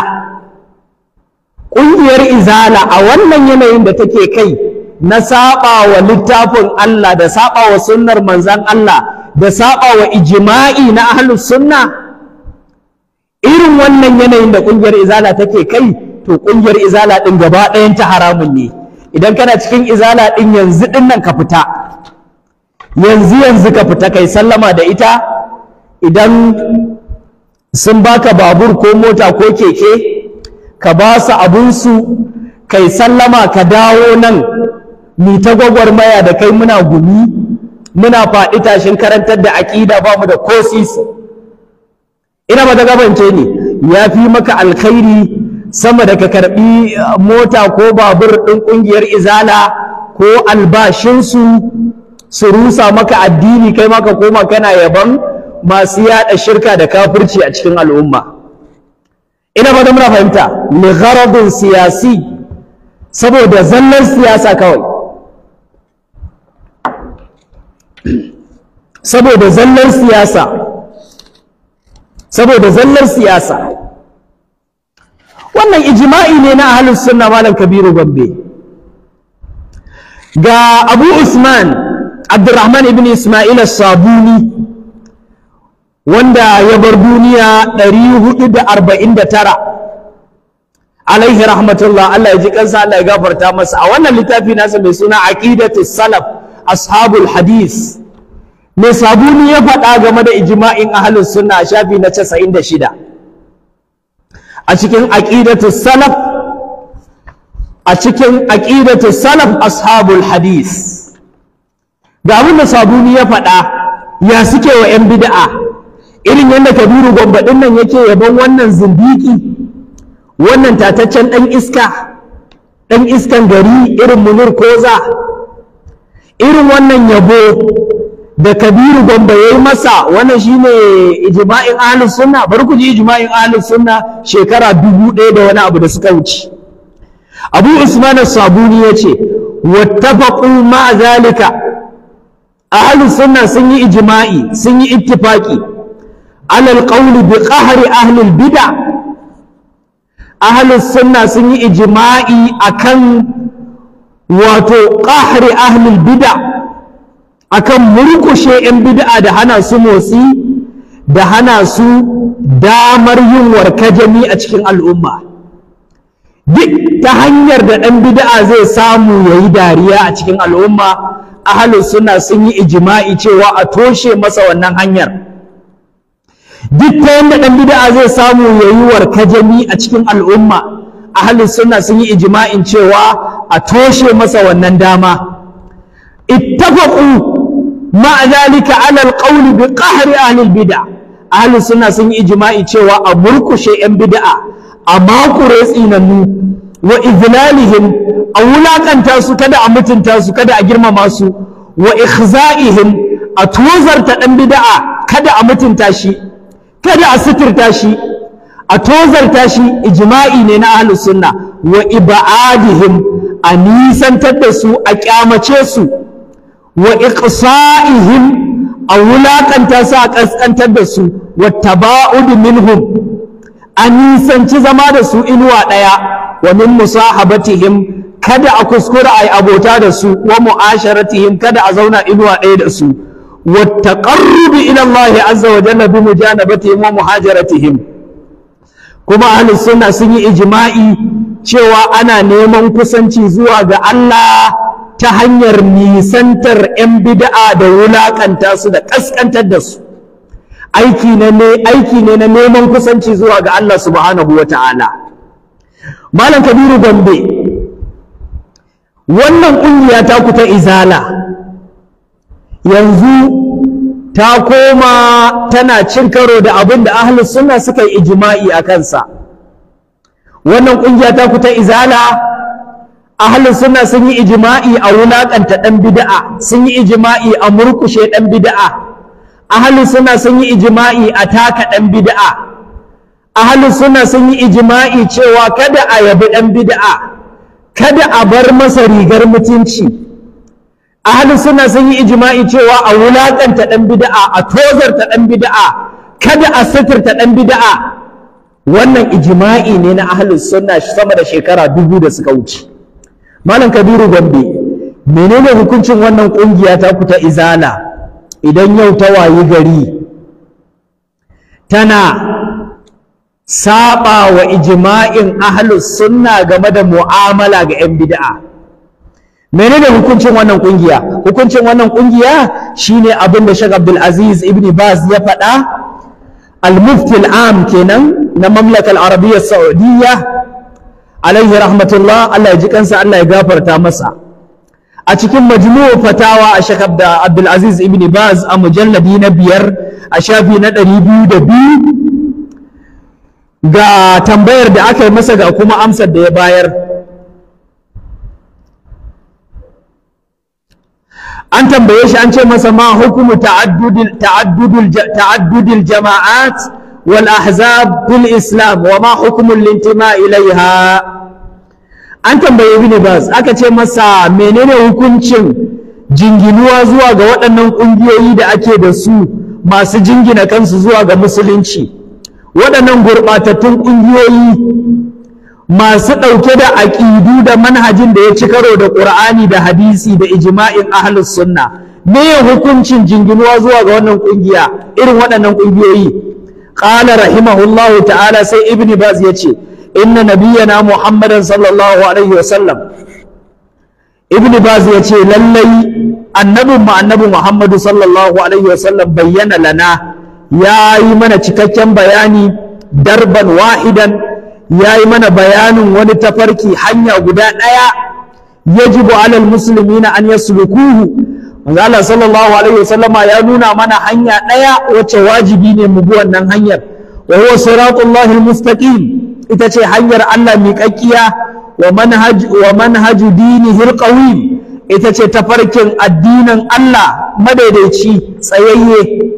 ƙungiyar izala a wannan yanayin da take kai na saba wa littafin Allah da saba wa sunnar manzan Allah da saba wa ijima'i na ahalus sunna irin wannan yanayin da ƙungiyar izala take kai to ƙungiyar izala ɗin gaba ɗayan ta haramun ne idan kana cikin izala ɗin yanzu ɗin nan ka fita yanzu yanzu ka fita kai sallama da ita idan sun baka babur ko mota ko keke ka ba su abunsu kai sallama ka dawo nan ni ta gwagwarmaya da kai muna gumi muna faɗi tashin karantar da aƙida ba mu da kosis ina ba ta gabance ne ya fi maka alkhairi sama da ka karbi uh, mota ko babur ɗin ƙungiyar izala ko albashinsu su rusa maka addini kai maka koma kana yaban masu yaɗa shirka da kafirci a cikin al'umma ina muna fahimta li gharadin siyasi saboda zallar siyasa kawai saboda zallar siyasa saboda zallar siyasa wannan ijima'i ne na ahalin sunna malam kabiru Gombe? ga abu usman abdurrahman ibn ismail sabuni wanda ya bar duniya 449 alaihi rahmatullah Allah ya ji kansa Allah ya gafarta masa a wannan littafi nasa mai suna aqidatus salaf ashabul hadis mai sabuni ya faɗa game da ijma'in ahalin sunna shafi na 96 a cikin aqidatu salaf a cikin aqidatu salaf ashabul hadis ga abin da sabuni ya faɗa ya suke wa 'yan bid'a irin yadda kabiru gwambaɗin nan yake yabon wannan zindiki wannan tataccen ɗan iska ɗan iskan gari irin munir koza irin wannan yabo da kabiru gombe ya yi masa wannan shine ijma'in ahlus sunna bari ku ji ijma'in ahlus sunna shekara dubu ɗaya da wani abu da suka wuce abu usman sabuni ya ce wattafaqu ma zalika Ahalin sunna sun yi ijma'i sun yi ittifaqi alal qawli bi qahri ahlul bid'a Ahalin sunna sun yi ijima'i akan wato qahri ahlul bid'a akan murkushe 'yan bid'a da hana su motsi da hana su damar yin warkajami a cikin al'umma duk ta hanyar da ɗan bid'a zai samu ya yi dariya a cikin al'umma ahalin suna sun yi ijima'i cewa a toshe masa wannan hanyar duk ta yadda ɗan bid'a zai samu ya yi warkajami a cikin al'umma ahalin suna sun yi ijima'in cewa a toshe masa wannan dama ittafaqu ma'a zalika alal qawli bi qahri ahli bid'a ahli sunna sun yi ijma'i cewa a murkushe yan bid'a a makure tsinannu wa izlalihim a wulakanta su kada a mutunta su kada a girmama su wa ikhza'ihim a tozarta dan bid'a kada a mutunta shi kada a suturta shi a tozarta shi ijima'i ne na ahli sunna wa ibadihim a nisantar da su a kyamace su wa iqsa'ihim a wulaƙanta su a kaskantar da su wa taba'ud minhum a nisanci zama da su inuwa ɗaya wa min musahabatihim kada a kuskura a yi abota da su wa mu'asharatihim kada a zauna inuwa ɗaya da su wa taqarrubi ila Allah azza wa jalla bi mujanabatihim wa muhajaratihim kuma ahlus sunna sun yi ijma'i cewa ana neman kusanci zuwa ga Allah ta hanyar nisantar 'yan bida'a da wulaƙanta su da ƙasƙantar da su aiki ne na neman kusanci zuwa ga Allah subhanahu wa ta'ala malam kabiru gombe wannan ƙungiya ta ku ta izala yanzu ta koma tana cin karo da abin da ahlus sunna suka yi ijima'i a kansa wannan ƙungiya ta ku ta izala ahlus suna sun yi ijima'i a wulakanta ɗan bid'a sun yi ijima'i a murkushe ɗan bida'a ahlus sunna sun yi ijima'i a taka ɗan bid'a ahlus sunna sun yi ijima'i cewa kada a yabi ɗan bid'a kada a bar masa rigar mutunci ahlus suna sun yi ijma'i cewa a wulakanta ɗan bida'a a tozarta ɗan bida'a kada a sitirta ɗan bida'a wannan ijima'i ne na ahlus sunna sama da shekara dubu da suka wuce malam kabiru gombe menene hukuncin wannan ƙungiya ta ku ta izala idan yau ta wayi gari tana saɓa wa ijima'in ahlus sunna game da mu'amala ga 'yan bid'a menene hukuncin wannan ƙungiya? hukuncin wannan ƙungiya shine abin da Sheikh Abdul Aziz Ibn Baz ya faɗa al-mufti al-am kenan na mamlakar Arabiyyar saudiyya alaihi rahmatullah Allah ya ji kansa Allah ya gafarta masa a cikin majmu'u fatawa a shakab da Abdul Aziz ibn Baz a mujalladi na biyar a shafi na ɗari biyu da biyu ga tambayar da aka yi masa ga kuma amsar da ya bayar an tambaye shi an ce masa ma hukumu ta'addudil ta'addudil ta'addudil jama'at والأحزاب Islam wa وما حكم الانتماء إليها an tambayi ibn aka ce masa menene hukuncin jinginuwa zuwa ga waɗannan ƙungiyoyi da ake da su masu jingina kansu zuwa ga musulunci waɗannan gurɓatattun ƙungiyoyi masu ɗauke da aƙidu da manhajin da ya ci karo da ƙur'ani da hadisi da ijma'in ahlus sunna me hukuncin jinginuwa zuwa ga wannan ƙungiya irin waɗannan ƙungiyoyi qala rahimahullahu ta'ala sai ibn baz yace inna nabiyyana muhammadan sallallahu alaihi wasallam ibn baz yace lallai annabin mu annabi muhammadu sallallahu alaihi wasallam bayyana lana Ya yi mana cikakken bayani darban wahidan yayi mana bayanin wani tafarki hanya guda daya yajibu musulmi na an yaslukuhu manzo Allah sallallahu alaihi wasallama ya nuna mana hanya ɗaya wacce wajibi ne mu bi wannan hanyar wa huwa siratullahi almustaqim ita ce hanyar Allah miƙaƙƙiya wa manhaj wa manhaj dinihi alqawim ita ce tafarkin addinin Allah madaidaici tsayayye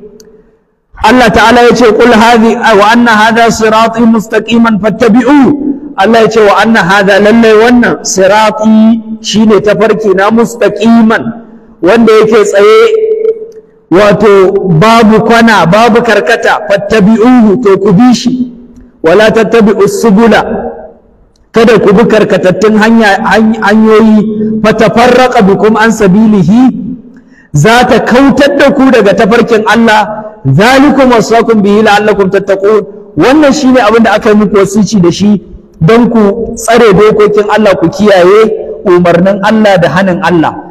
Allah ta'ala ya ce qul hadhi wa anna hadha sirati mustaqiman fattabi'u Allah ya ce wa anna hadha lallai wannan sirati shine tafarki na mustaqiman wanda yake tsaye wato babu kwana babu karkata fattabi'uhu to ku bi shi wala tattabi'u subula kada ku bi karkatattun hanyoyi fatafarraqa bikum an sabilihi za ta kautar da ku daga tafarkin Allah zalikum wasakum bihi la'allakum tattaqun wannan shine abin da aka yi muku wasici da shi don ku tsare dokokin Allah ku kiyaye umarnin Allah da hanin Allah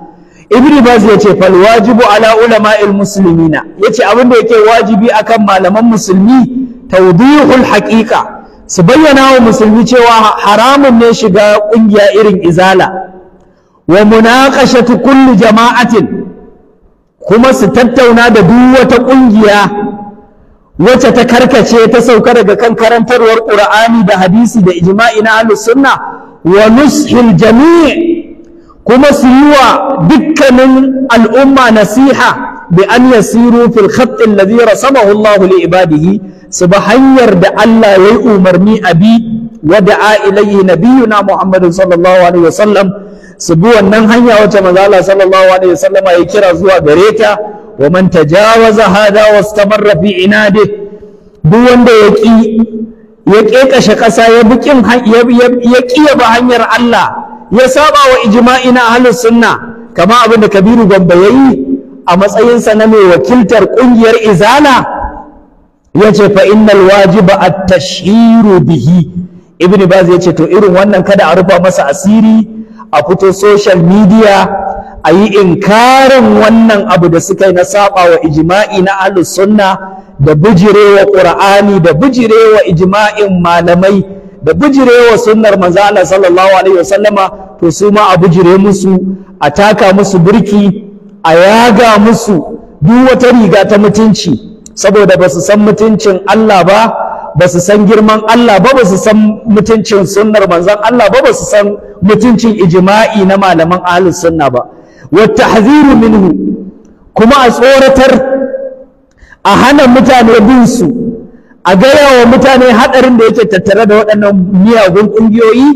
ibn baz yace fal wajibu ala ulama'il muslimina yace abin da yake wajibi akan malaman musulmi tawdihul haqiqa su bayyana wa musulmi cewa haramun ne shiga kungiya irin izala wa munaqashatu kulli jama'atin kuma su tattauna da duk wata kungiya wacce ta karkace ta sauka daga kan karantarwar qur'ani da hadisi da ijma'i na ahlus sunna wa nushil jami' kuma su yi wa dukkanin al'umma nasiha bi an yasiru fil khatt lazi rasamahu Allah li ibadihi su ba hanyar da Allah yayi umarni a bi wa da'a ilayhi nabiyuna Muhammad sallallahu alaihi wasallam su bi wannan hanya wacce manzo Allah sallallahu alaihi wasallam ya kira zuwa gare ta wa man tajawaza hada wastamarra fi inade duk wanda ya ki ya kekashe kasa ya bi ya ya ba hanyar Allah ya saba wa ijma'i na ahlus sunna kamar abin da kabiru Gombe ya yi a matsayinsa na mai wakiltar ƙungiyar izala ya ce fa innal wajiba at tashiru bihi ibn baz ya ce to irin wannan kada a rufa masa asiri a fito social media a yi inkarin wannan abu da suka yi na saba wa ijma'i na ahlus sunna da bijirewa qur'ani da bijirewa ijma'in malamai da bujirewa sunnar manzo Allah sallallahu alaihi wasallama to su ma a bujire musu a taka musu birki a yaga musu duk wata riga ta mutunci saboda ba su san mutuncin Allah ba ba su san girman Allah ba ba su san mutuncin sunnar manzon Allah ba su san mutuncin ijma'i na malaman ahlus sunna ba wa tahziru minhu kuma a tsoratar a hana mutane bin su a gaya wa mutane haɗarin da yake tattare da waɗannan miyagun ƙungiyoyi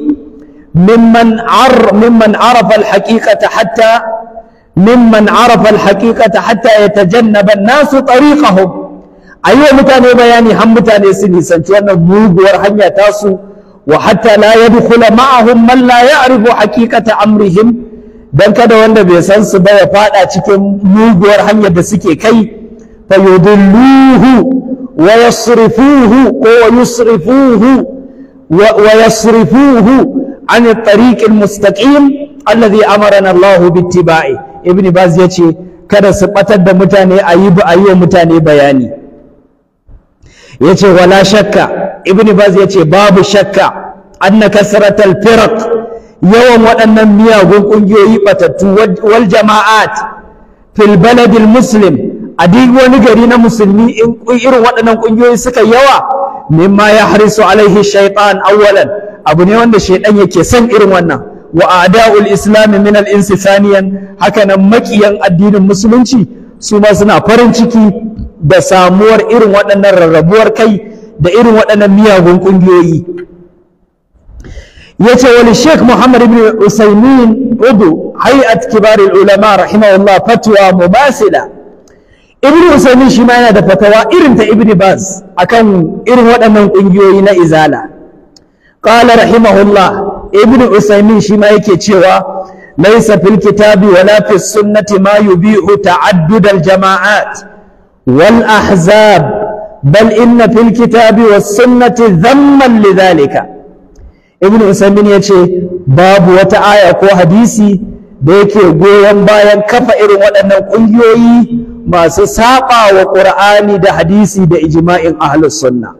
mimman ar mimman arafa alhaqiqata hatta mimman arafa alhaqiqata hatta yatajannaba nasu tariqahum wa mutane bayani har mutane su nisanci wannan muguwar hanya su? wa hatta la yadkhula ma'ahum man la ya'rifu haqiqata amrihim dan kada wanda bai san su ba ya fada cikin muguwar hanyar da suke kai fa luhu! ويصرفوه ويصرفوه ويصرفوه عن الطريق المستقيم الذي أمرنا الله باتباعه ابن باز يتي كذا سبت متاني أيب أيو متاني بياني يتي ولا شك ابن باز يتي باب شك أن كسرة الفرق يوم وأن المياه والجماعات في البلد المسلم a duk wani gari na musulmi in irin waɗannan ƙungiyoyi suka yawa mimma ya harisu alaihi shaitan awwalan abu ne wanda shaitan yake son irin wannan wa a'da'ul islam min al insi haka nan makiyan addinin musulunci su ma suna farin ciki da samuwar irin waɗannan rarrabuwar kai da irin waɗannan miyagun ƙungiyoyi yace wani sheikh muhammad ibn usaimin udu hay'at kibar ulama rahimahullah fatwa mubasila ibn usaimin shi ma yana da fatawa irin ta ibni baz akan irin waɗannan ƙungiyoyi na izala qala rahimahullah ibn usaimin shi ma yake cewa laisa fil kitabi wala fi sunnati ma yubihu ta'addud al jama'at wal ahzab bal inna fil kitabi was sunnati dhamman lidhalika ibn usaimin yace babu wata aya ko hadisi da yake goyon bayan kafa irin waɗannan ƙungiyoyi masu saba wa ƙur'ani da hadisi da ijma'in ahlus sunna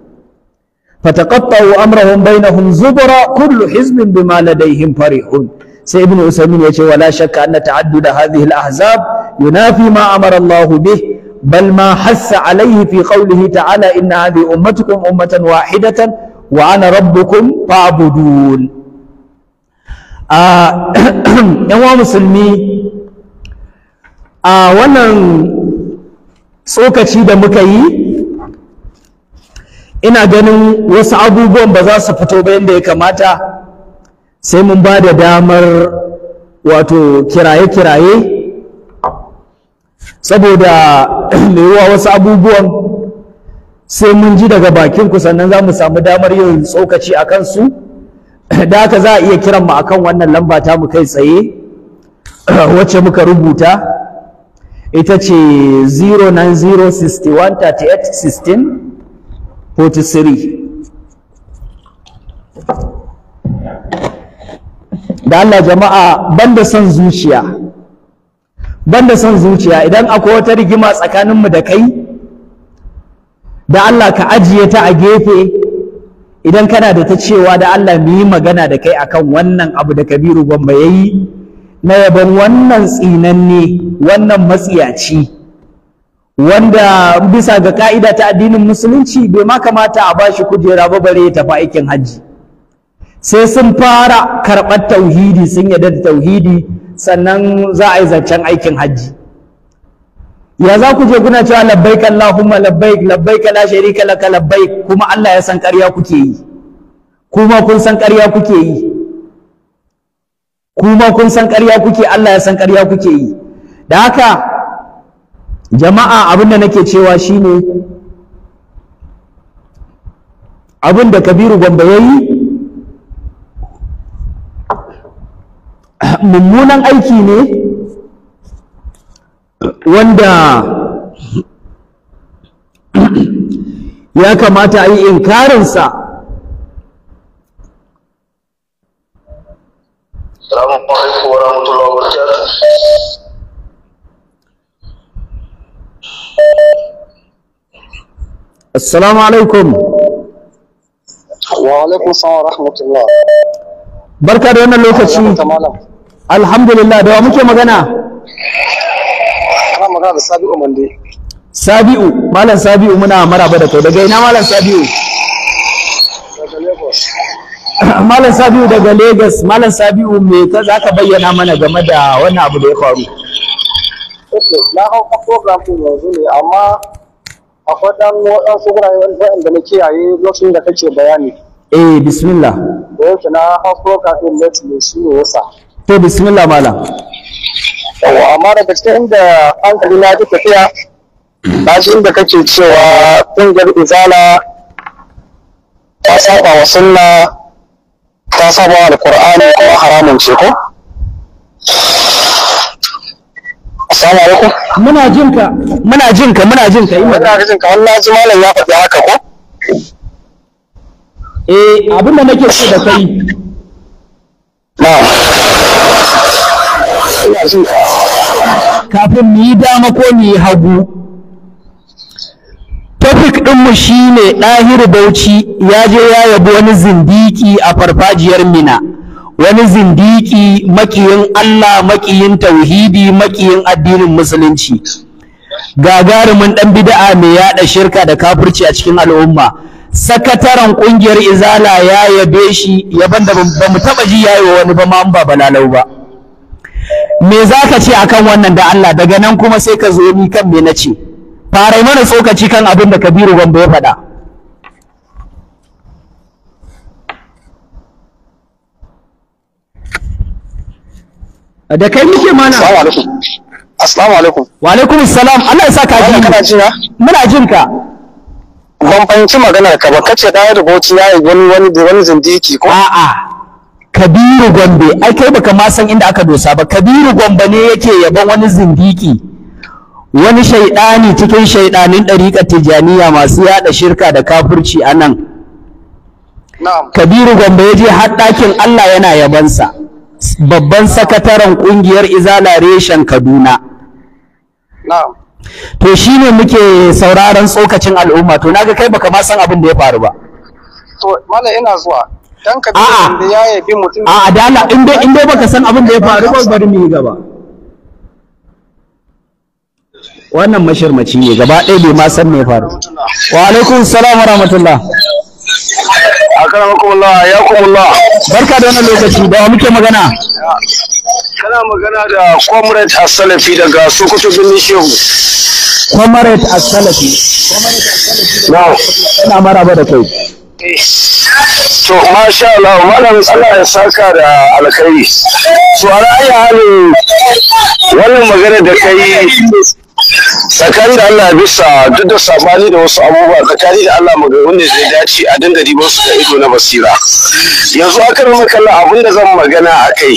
fataqatta'u amrahum bainahum zubra kullu hizbin bima ladayhim farihun sai ibn usaymin yace wala shakka anna ta'addud hadhihi al-ahzab yunafi ma amara Allah bih bal ma hassa alayhi fi qawlihi ta'ala inna hadhihi ummatukum ummatan wahidatan wa ana rabbukum fa'budun a ah, yan wa musulmi a ah, wannan tsokaci da muka yi ina ganin wasu abubuwan ba za su fito ba yadda ya kamata sai mun ba da damar wato kiraye-kiraye saboda yiwuwa wasu abubuwan sai mun ji daga bakinku sannan za mu samu damar yin tsokaci a kansu da haka za a iya kiran mu akan wannan lamba ta mu kai tsaye wacce muka rubuta ita ce 09061381643 da Allah jama'a banda son zuciya banda son zuciya idan akwai wata rigima tsakaninmu da kai da Allah ka ajiye ta a gefe idan kana da ta cewa da Allah mu yi magana da kai akan wannan abu da kabiru gwamba ya yi na yaban wannan tsinanne wannan matsiyaci wanda bisa ga ka'ida ta addinin musulunci bai ma kamata a bashi kujera ba bare ya tafi aikin hajji sai sun fara karɓar tauhidi sun yarda da tauhidi sannan za a yi zancen aikin hajji ya za ku je kuna cewa labbaik Allahumma labbaik labbaik la sharika laka labbaik kuma Allah ya san ƙarya kuke yi kuma kun san ƙarya kuke yi kuma kun san ƙarya kuke Allah ya san ƙarya kuke yi da haka jama'a abin da nake cewa shine abin da kabiru gwamba ya yi mummunan aiki ne wanda ya kamata a yi inkarinsa السلام عليكم ورحمة الله وبركاته السلام عليكم وعليكم السلام ورحمة الله بركة دينا لوكتشي الحمد لله دوا مكي مغانا أنا مغانا سابيو من دي سابق مالا سابيو منا مرابدك دقينا مالا سابيو. Malam Sabiu daga Lagos, Malam Sabiu me ka za ka bayyana mana game da wannan abu da ya faru? na hau program ɗin yanzu ne amma akwai ɗan waɗansu wurare waɗanda na kiyaye lokacin da kake bayani. Eh, bismillah. Da yake na hau program ɗin late ne shi ne wasa To, bismillah malam. Yawa, amma daga cikin inda hankali na duka tafiya, na shi inda kake cewa ƙungiyar izala ta saba wa sunna saba wa alƙur'ani kuma haramun ce ko Assalamu alaikum muna jinka muna jinka muna jinka ina da jinka wallahi ji malam ya faɗi haka ko eh abin da nake so da kai na'am kafin mu yi dama ko mu yi hagu topic ɗinmu shi ne ɗahiru bauchi ya je ya yabi wani zindiki a farfajiyar mina wani zindiki makiyin allah makiyin tauhidi makiyin addinin musulunci gagarumin ɗan bid'a mai yaɗa shirka da kafirci a cikin al'umma sakataren ƙungiyar izala ya yabe shi ya da ba mu taɓa ji yayi wani ba ma ba balalau ba me za ka ce akan wannan da allah daga nan kuma sai ka zo ni kan me na ce farai mana tsokaci kan abin da kabiru wanda ya faɗa da kai muke mana assalamu alaikum wa alaikum salam Allah ya sa ka ji kana ji na muna jin ka ban fahimci maganar ka ba kace da rubuci ya yi wani wani wani zindiki ko a'a Kabiru Gombe ai kai baka ma san inda aka dosa ba Kabiru Gombe ne yake yaban wani zindiki wani shaidani cikin shaidanin ɗariƙar Tijaniya masu yada shirka da kafirci a nan kabiru gombe ya je har ɗakin allah yana yabansa babban sakataren ƙungiyar izala reshen kaduna to shi ne muke sauraron tsokacin al'umma to naga kai baka ma san abin da ya faru ba to mana ina zuwa dan kabiru gombe ya yabi mutum a'a dala in dai baka san abin da ya faru ba bari mu yi gaba wannan mashirmaci ne gaba ɗaya bai ma san me faru wa alaikum salam wa rahmatullah allah ya allah barka da wannan lokaci da muke magana kana magana da comrade as-salafi daga sokoto birnin shehu comrade as-salafi comrade ina maraba da kai eh. to masha Allah malam Allah ya saka da alkhairi so a ra'ayi halin wannan magana da kai tsakani da Allah bisa duk da sabani da wasu abubuwa tsakani da Allah maganganun ne zai dace a dinga diban su da ido na basira yanzu aka rama kallon abin da zan magana a kai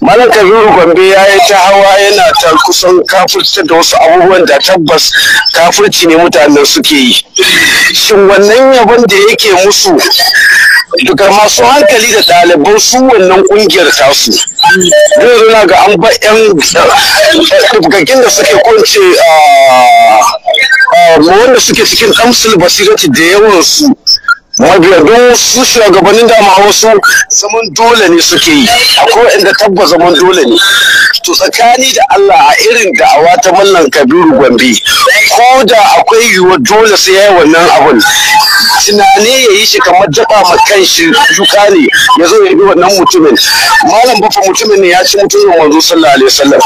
malam kabiru gombe ya yi ta hawa yana ta kusan kafurci da wasu abubuwan da tabbas kafurci ne mutanen suke yi shin wannan yabon da yake musu duka masu hankali da ɗaliban su wannan ƙungiyar tasu yanzu na ga an ba 'yan ɗabgaggen da suke kwance ah, ah, wanda suke cikin amsul basirati da yawansu mabiya don su shugabannin dama wasu zaman dole ne suke yi akwai inda tabbas zaman dole ne to tsakani da Allah a irin da'awa ta mallan kabiru gombe ko da akwai yiwuwar dole sai ya yi wannan abun tunani ya yi shi kamar jaba ma kan shi yuka ne ya zo ya bi wannan mutumin malam bafa mutumin ne ya ci mutumin wanzu sallallahu alaihi wasallam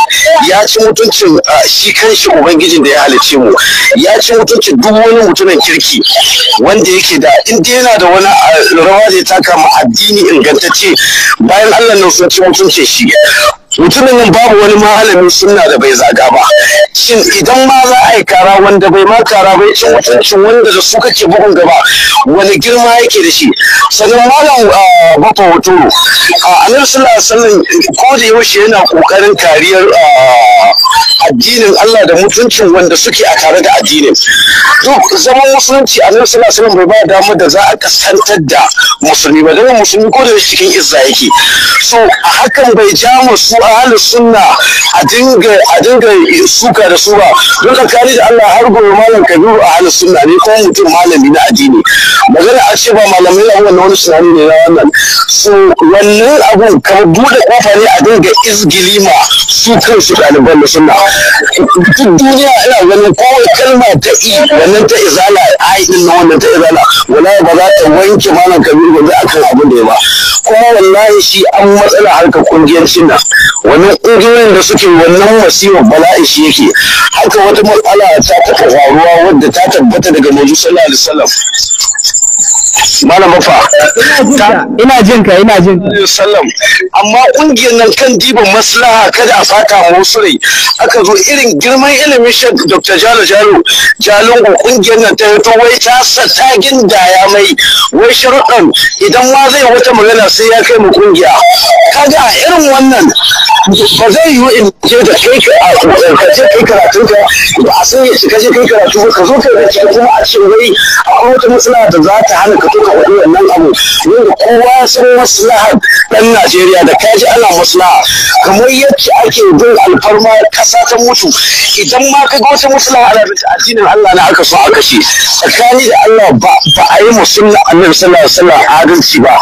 ya ci mutuncin shi kan shi ubangijin da ya halice mu ya ci mutuncin duk wani mutumin kirki wanda yake da in yana da wani rawa da ya taka ma addini ingantacce bayan Allah nan sun ci mutunce shi mutumin nan babu wani malamin sunna da bai zaga ba shin idan ma za a yi kara wanda bai ma kara bai cin mutuncin wanda da su kake bugun gaba wani girma yake da shi sannan malam bafa a annabi sallallahu alaihi wasallam ko da yaushe yana kokarin kariyar addinin Allah da mutuncin wanda suke a tare da addinin duk zaman musulunci annabi sallallahu alaihi wasallam bai ba damar da za a kasantar da musulmi ba dan musulmi ko da yaushe cikin izza yake so a hakan bai ja mu su ahlus sunna a dinga a dinga suka da su ba don kare da Allah har gobe malam Kabiru ahlus sunna ne ko mutum malami na addini magana a ce ba malamai na wannan wani sunani ne na wannan su wannan abun ka buɗe kofa ne a dinga izgilima su kansu ɗaliban da suna duk duniya ina ganin kowai kalma ta i wannan ta izala ai din na wannan ta izala wallahi ba za ta wanke malam kabiru a akan abin da ya ba kuma wallahi shi an matsala harka kungiyar suna? wannan ƙungiyoyin da suke wannan masifar bala'i shi yake haka wata matsala ta taɓa faruwa wadda ta tabbata daga Nabi sallallahu alaihi malam mafa ina jin ka ina jin ka sallam amma ƙungiyar nan kan diba maslaha kada a fata mu rai aka zo irin girman ilimin shan dr jalo jalo jalungu ƙungiyar nan ta yato wai ta sa da ya mai wai sharuɗan idan ma zai wata magana sai ya kai mu ƙungiya. kaga a irin wannan ba zai yiwu in je da kai ka a je kai karatun ka ba a san ya ka je kai karatu ba ka zo kai da kuma a ce wai akwai wata maslaha da za ta hana da kuka wannan abu wanda kowa ya san maslaha ɗan Najeriya da kaji ana maslaha kamar yadda ake bin alfarma kasa ta mutu idan ma ka ga wata maslaha ana bin addinin Allah na aka so aka kashe tsakani da Allah ba a yi musulma annabi sallallahu alaihi wasallam adalci ba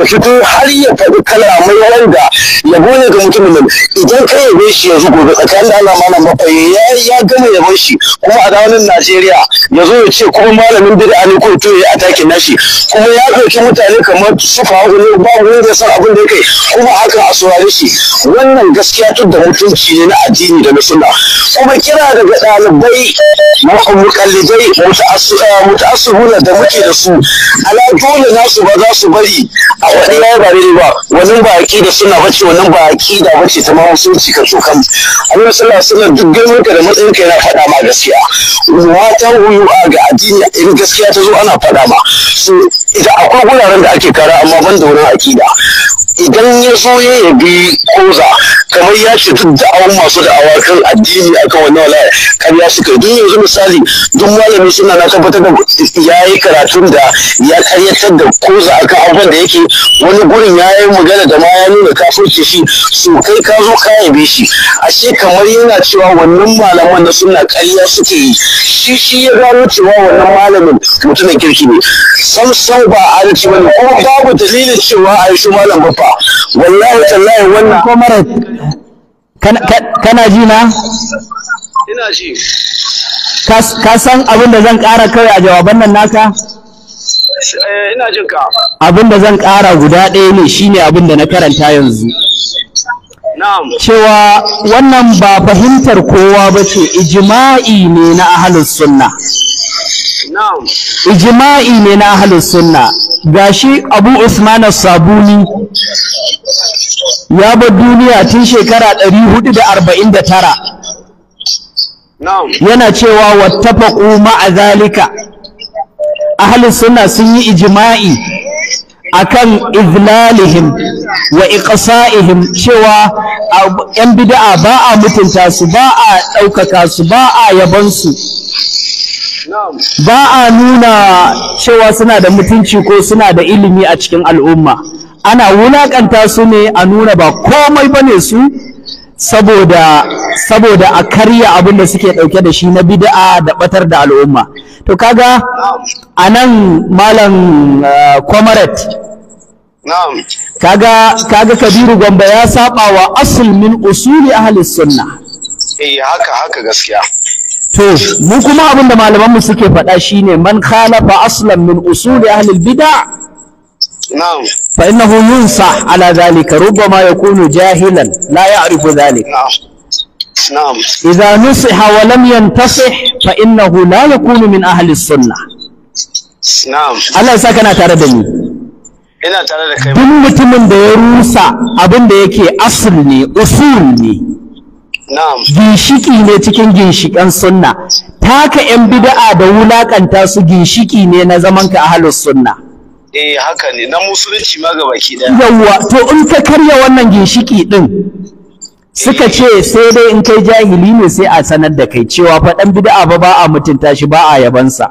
ya fito har ya faɗi mai wanda ya gode ga mutumin nan idan ka yabe shi yanzu gobe tsakanin da Allah malam bakwai ya gama yabon shi kuma a zamanin Najeriya yazo ya ce kuma malamin bid'a ne ko to ya atake nashi kuma ya ɗauki mutane kamar su faru ne ba wani da san abin da ya kai kuma haka a saurare shi wannan gaskiya tun da mutunci ne na addini da na kuma kira daga ɗalibai mukallidai eh, muta'assibuna da muke da su ala dole nasu ba za su bari a wani ya ba ne ba wannan ba da suna bace wannan ba da bace ta ma wasu ci ka tsokan annabi duk ganin ka da matsayin ka yana faɗa ma gaskiya wata wuyu ga addini in gaskiya ta zo ana faɗa ma da akwai wuraren da ake kara amma ban da wurin akida idan ya so ya bi koza kamar ya ce duk da'awar masu da'awa kan addini akan wani wala kan ya suka duk yanzu misali duk malami suna na tabbatar da ya yi karatun da ya karyatar da koza akan abin da yake wani gurin ya yi magana da ma ya nuna kafirci shi su kai ka zo ka yabe shi ashe kamar yana cewa wannan malaman na suna karya suke yi shi shi ya gano cewa wannan malamin mutumin kirki ne sam sam ba adalci ko ko babu dalilin cewa a yi shi malam ba kafa wallahi tallahi wannan ko mara kana ji na ina ji ka san abin da zan ƙara kai a jawaban nan naka eh, ina jin ka abin da zan ƙara guda ɗaya ne shine abin da na karanta yanzu cewa wannan ba fahimtar kowa ba ce ijima'i ne na ahalus sunna ijima'i ne na ahalus sunna gashi abu usman sabuni ya bar duniya tun shekara 449 yana cewa wattafaqu ma'a zalika ahli sunna sun yi ijma'i akan izlalihim wa iqsa'ihim cewa yan bida'a ba a mutunta su ba a ɗaukaka su ba a yabon ba a nuna cewa suna da mutunci ko suna da ilimi a cikin al'umma ana wulaƙanta su ne a nuna ba komai ba ne su saboda a karya abin da suke ɗauke da shi na bid'a da batar da al'umma to kaga a nan malam comrade eh, kaga kabiru gwamba ya saba wa asl min usuli ahli sunna eh haka haka gaskiya to mu kuma abin da malaman suke faɗa shine man khalafa aslan min usuli ahli bid'a نعم فإنه ينصح على ذلك ربما يكون جاهلا لا يعرف ذلك نعم إذا نصح ولم ينتصح فإنه لا يكون من أهل السنة نعم Allah saka na tare da ni duk mutumin da ya rusa abin da yake asl ne usul ne ginshiki ne cikin ginshikan sunna taka yan bida'a da wulakanta su ginshiki ne na zaman ka halin sunna eh haka ne na musulunci ma ga baki daya yawa to in ka karya wannan ginshiki din suka ce eh. sai dai in kai jahili ne sai a sanar da kai cewa fa dan bid'a ba ba a mutunta shi ba a yabansa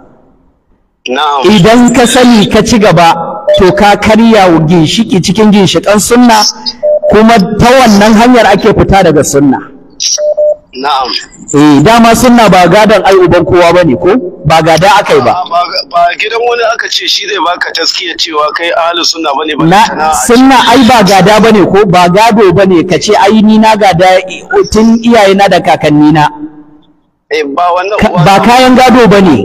na'am idan ka sani ka ci gaba to ka karya ginshiki cikin ginshikan sunna kuma ta wannan hanyar ake fita daga sunna Na'am. Eh dama sunna ba gadan ai uban kowa bane ko? Ba gada akai ba. Ba gidan wani aka ce shi zai baka taskiya cewa kai ahli sunna bane ba. Na sunna ai ba gada bane ko ba gado bane ka ce ai ni na gada tun iyayena da kakanni na. Eh ba wannan ba kayan gado bane.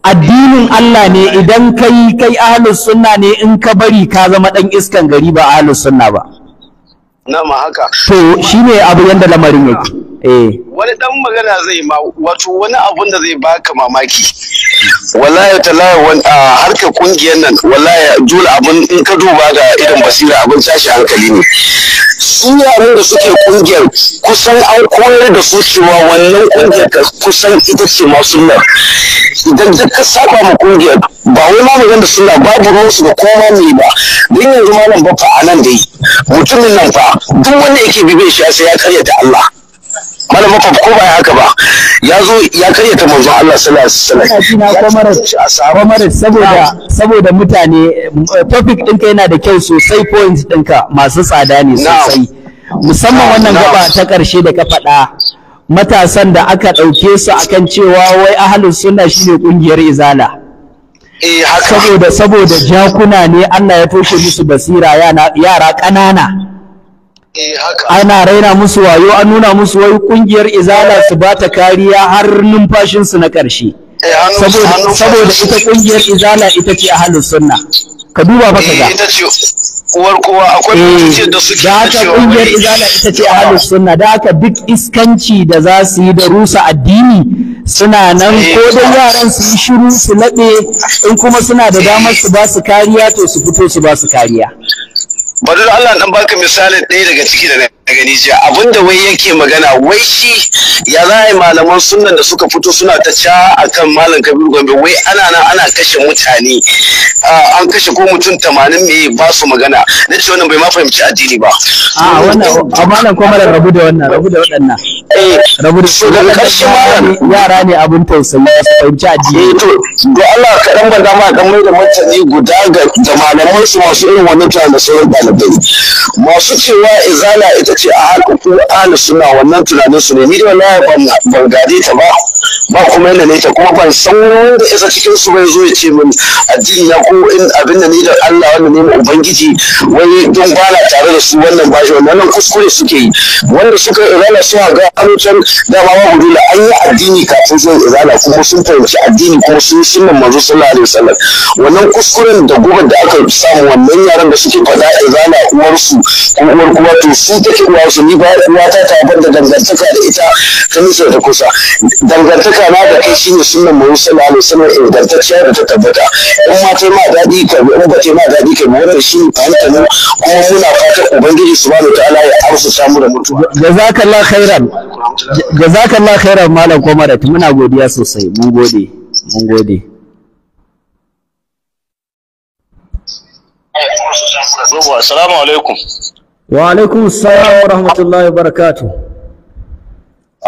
Addinin Allah ne idan kai kai ahli sunna ne in ka bari ka zama dan iskan gari ba ahli sunna ba. Na'am haka. To shine abu yanda lamarin yake. Eh. wani dan magana zai ma wato wani abun da zai baka mamaki wallahi tallahi wani harkar kungiyar nan wallahi jula abun in ka duba da irin basira abun tashi hankali ne su yaran da suke kungiyar kusan an koyar da su cewa wannan kungiyar kusan ita ce masu nan idan duk ka saba ma kungiyar ba wai ma magana suna babu su da koma ne ba don yanzu malam ba a nan dai mutumin nan fa duk wanda yake bibe shi sai ya karyata Allah malam makon ko ba haka ba ya zo ya karyata manzon Allah sallallahu alaihi wasallam ya saboda saboda mutane eh, topic ɗinka yana da kyau sosai points ɗinka masu tsada ne sosai musamman wannan gaba ta ƙarshe da ka faɗa matasan da aka ɗauke su akan cewa wai suna sunna shine ƙungiyar izala eh, saboda saboda jakuna ne Allah ya toshe musu basira yara ƙanana Eh, ana raina musu wayo an nuna musu wai kungiyar izala su ba ta kariya har numfashinsu na ƙarshe eh, saboda ita kungiyar izala ita ce ahlus sunna ka duba fa kaga eh, ita ce uwar kowa akwai mutunci da suke da haka kungiyar izala ita ce ahlus sunna da haka duk iskanci da za su yi da rusa addini suna nan ko da yaran su yi shiru su laɓe in kuma suna da damar su ba su kariya to su fito su ba su kariya bari Allah dan baka misalin ɗaya daga ciki da na daga Nijiya abinda wai yake magana wai shi ya za a yi malaman sunan da suka fito suna ta ca akan malam Kabiru Gombe wai ana nan ana kashe mutane an kashe ko mutum tamanin me ba su magana na ce wannan bai ma fahimci addini ba. A wannan malam kuma da rabu da wannan rabu da waɗannan. Eh, rabu da su daga malam. Yara ne abin tausayi su fahimci addini. Eh, to da Allah kaɗan ba dama ga mai da mutane guda ga malaman su masu irin wannan tunanin da sauran ɗalibai. Masu cewa izala ita ce ah, a ko suna wannan tunanin su ne ni da wallahi ban ban gade ta ba ba kuma yana ne ta kuma ban san wani wanda isa cikin su bai zo ya ce min addini na ko in abin da ni da Allah wannan ne ubangiji wai don bala tare da su wannan bashi wannan kuskure suke yi wanda suka irala suna ga amincin da ba wani an yi addini kafin zuwa irala kuma sun fahimci addini kuma sun sunan manzo sallallahu alaihi wasallam wannan kuskuren da gobe da aka samu wannan yaran da suke faɗa irala uwarsu kuma uwar kuma to su take uwa shi ni ba uwa ta ta ban da dangantaka da ita ta nisa da kusa dangantaka na da kai shine sunnan mu sallallahu alaihi wasallam ingantacciya da ta tabbata in ma ta ma dadi ka in ba ta ma dadi ka mu wannan shi fahimta mu kuma muna fata ubangiji subhanahu ta'ala ya amsa samu da mutuwa jazakallahu khairan jazakallahu khairan malam komarat muna godiya sosai mun gode mun gode Assalamu alaikum. wa alaikum salam wa rahmatullahi wa barakatuh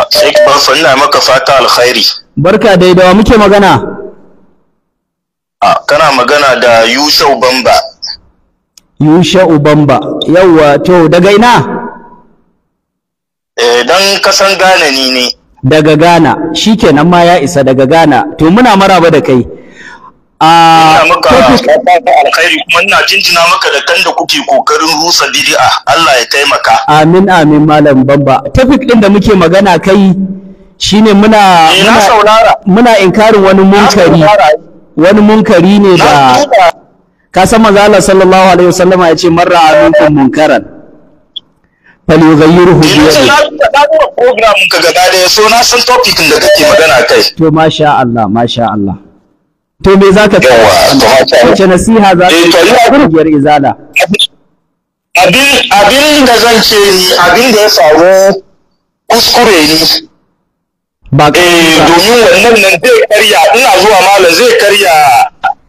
sai ban sanna maka fata alkhairi barka dai da muke magana kana magana da Yushau Ubamba? Yushau Ubamba yawwa to daga ina eh dan kasan Ghana ni ne daga Ghana shikenan ma ya isa daga Gana, to muna maraba da kai Ah, ina maka alkhairi kuma ina jinjina maka da kan da kuke kokarin rusa bid'a Allah ya taimaka. Amin amin malam Bamba. Topic din da muke magana kai shine muna eh, muna, muna inkarin wani munkari. Wani munkari ne da ka san manzo Allah sallallahu alaihi wasallama yace ce marra aminkum munkaran falyughayyirhu bi yadihi. Ina program ka ga da so na san topic da kake magana kai. To masha Allah masha Allah. to me za ka wace nasiha za ka eh, kungiyar izala abin da zan ce ni abin da ya faru kuskure ne eh, ba domin wannan nan zai karya ina zuwa malam zai karya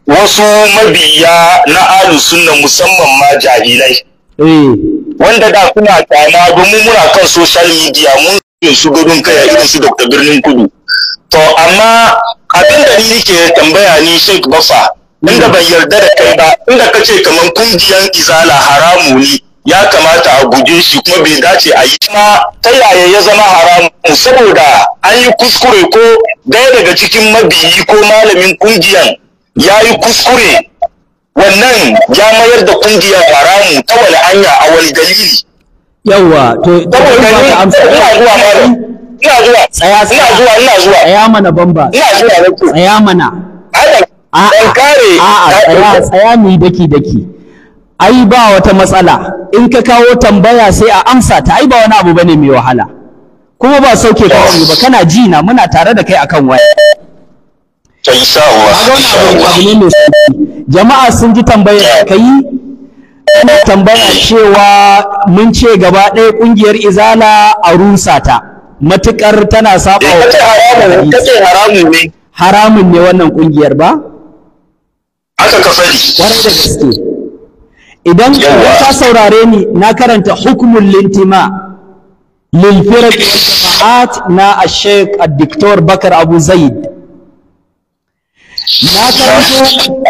wasu mabiya na alu sunna musamman ma jahilai eh. wanda da kuna kama domin muna kan social media mun su gudun a irin su Dr. Birnin Kudu to amma abin da ni ke tambaya ni sheikh bafa inda bai yarda da kai ba inda ka ce kamar kungiyan izala haramu ne ya kamata a guje shi kuma bai dace a yi kuma ta yaya ya zama haramu saboda an yi kuskure ko daya daga cikin mabiyi ko malamin kungiyan ya yi kuskure wannan ya mayar da kungiyar haramu ta wani hanya a wani dalili yawwa to ta wani amsa ina zuwa tsaya ina zuwa ina zuwa tsaya mana bamba ina zuwa tsaya mana a'a a'a tsaya tsaya daki daki ai ba wata matsala in ka kawo tambaya sai a amsa ta ai ba wani abu bane mai wahala kuma ba sauke ka wani ba kana ji na muna tare da kai akan waya insha mai sauki jama'a sun ji tambayar ka yi tambaya cewa mun ce gaba ɗaya ƙungiyar izala a rusa ta matukar tana saba wa eh, haramun kace haramun ne haramun ne wannan kungiyar ba aka ka sani kwarai da gaske idan ka saurare ni na karanta hukumul lintima lil firq jama'at na ash-shaykh ad Bakar Abu Zaid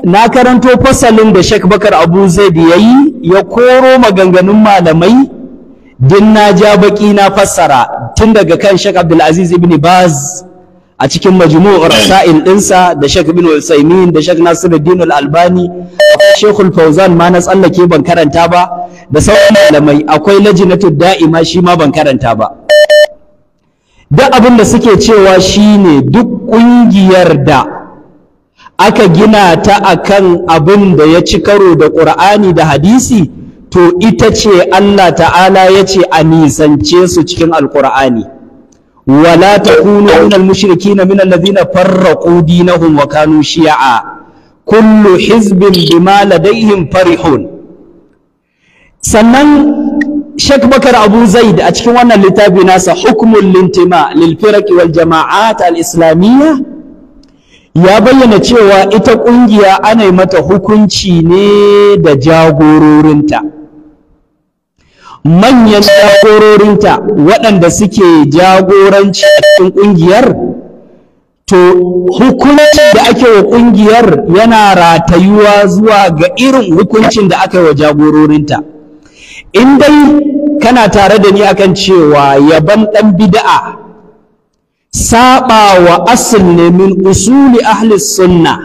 na karanto fasalin da Sheikh Bakar Abu Zaid yayi ya koro maganganun malamai din na ja baki na fassara tun daga kan Sheikh Abdul Aziz ibn Baz a cikin majmu'ur rasail dinsa da Sheikh Ibn Usaimin da Sheikh Nasiruddin Al-Albani akwai Sheikh Al-Fauzan ma na tsallake ban karanta ba da sauran malamai akwai lajinatud da'ima shi ma ban karanta ba duk abin da suke cewa shine duk kungiyar da aka gina ta akan abin da ya ci karo da Qur'ani da hadisi to ita ce Allah ta'ala ya ce a nisance su cikin alkur'ani wala ta min al-mushrikeen min farra ƙudi na hunwa kanu shi'a kullu hizbin bima ladaihim farihun sannan Sheikh Bakar Abu Zaid a cikin wannan littafi nasa hukmun lintima lil firaq wal jama'at al islamiyya ya bayyana cewa ita ƙungiya ana mata hukunci ne da jagororinta manyan jagororinta waɗanda suke jagoranci a cikin ƙungiyar to hukuncin da ake wa ƙungiyar yana ratayuwa zuwa ga irin hukuncin da aka yi wa jagororinta in dai kana tare da ni akan cewa yaban ɗan bida'a saɓa wa asil ne min usuli ahli sunna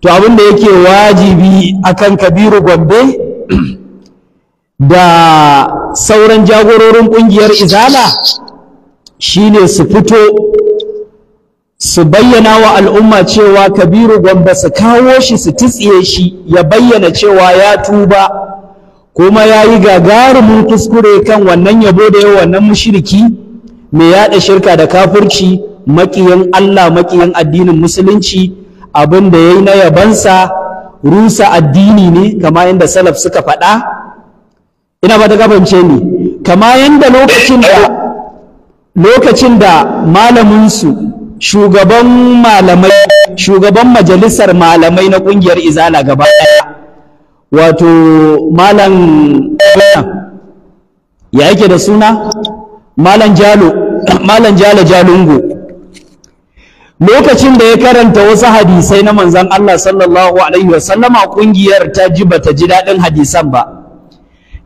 to abin da yake wajibi akan kabiru gombe da sauran jagororin ƙungiyar izala shine su fito su bayyana wa al'umma cewa kabiru gwamba su kawo shi su titsiye shi ya bayyana cewa ya tuba kuma ya yi gagarumin kuskure kan wannan yabo da yawa wannan mushriki mai yaɗa shirka da kafirci maƙiyin Allah maƙiyin addinin musulunci abin da ya yi na yabansa rusa addini ne kama yadda salaf suka faɗa ina ba ta gabance ni kama yanda lokacin da lokacin da malaminsu shugaban malamai shugaban majalisar malamai na kungiyar izala gaba ɗaya, wato malam ya yake da suna malam jalo malam jalo jalungo lokacin da ya karanta wasu hadisai na manzon Allah sallallahu alaihi wasallama kungiyar ta ji bata ji hadisan ba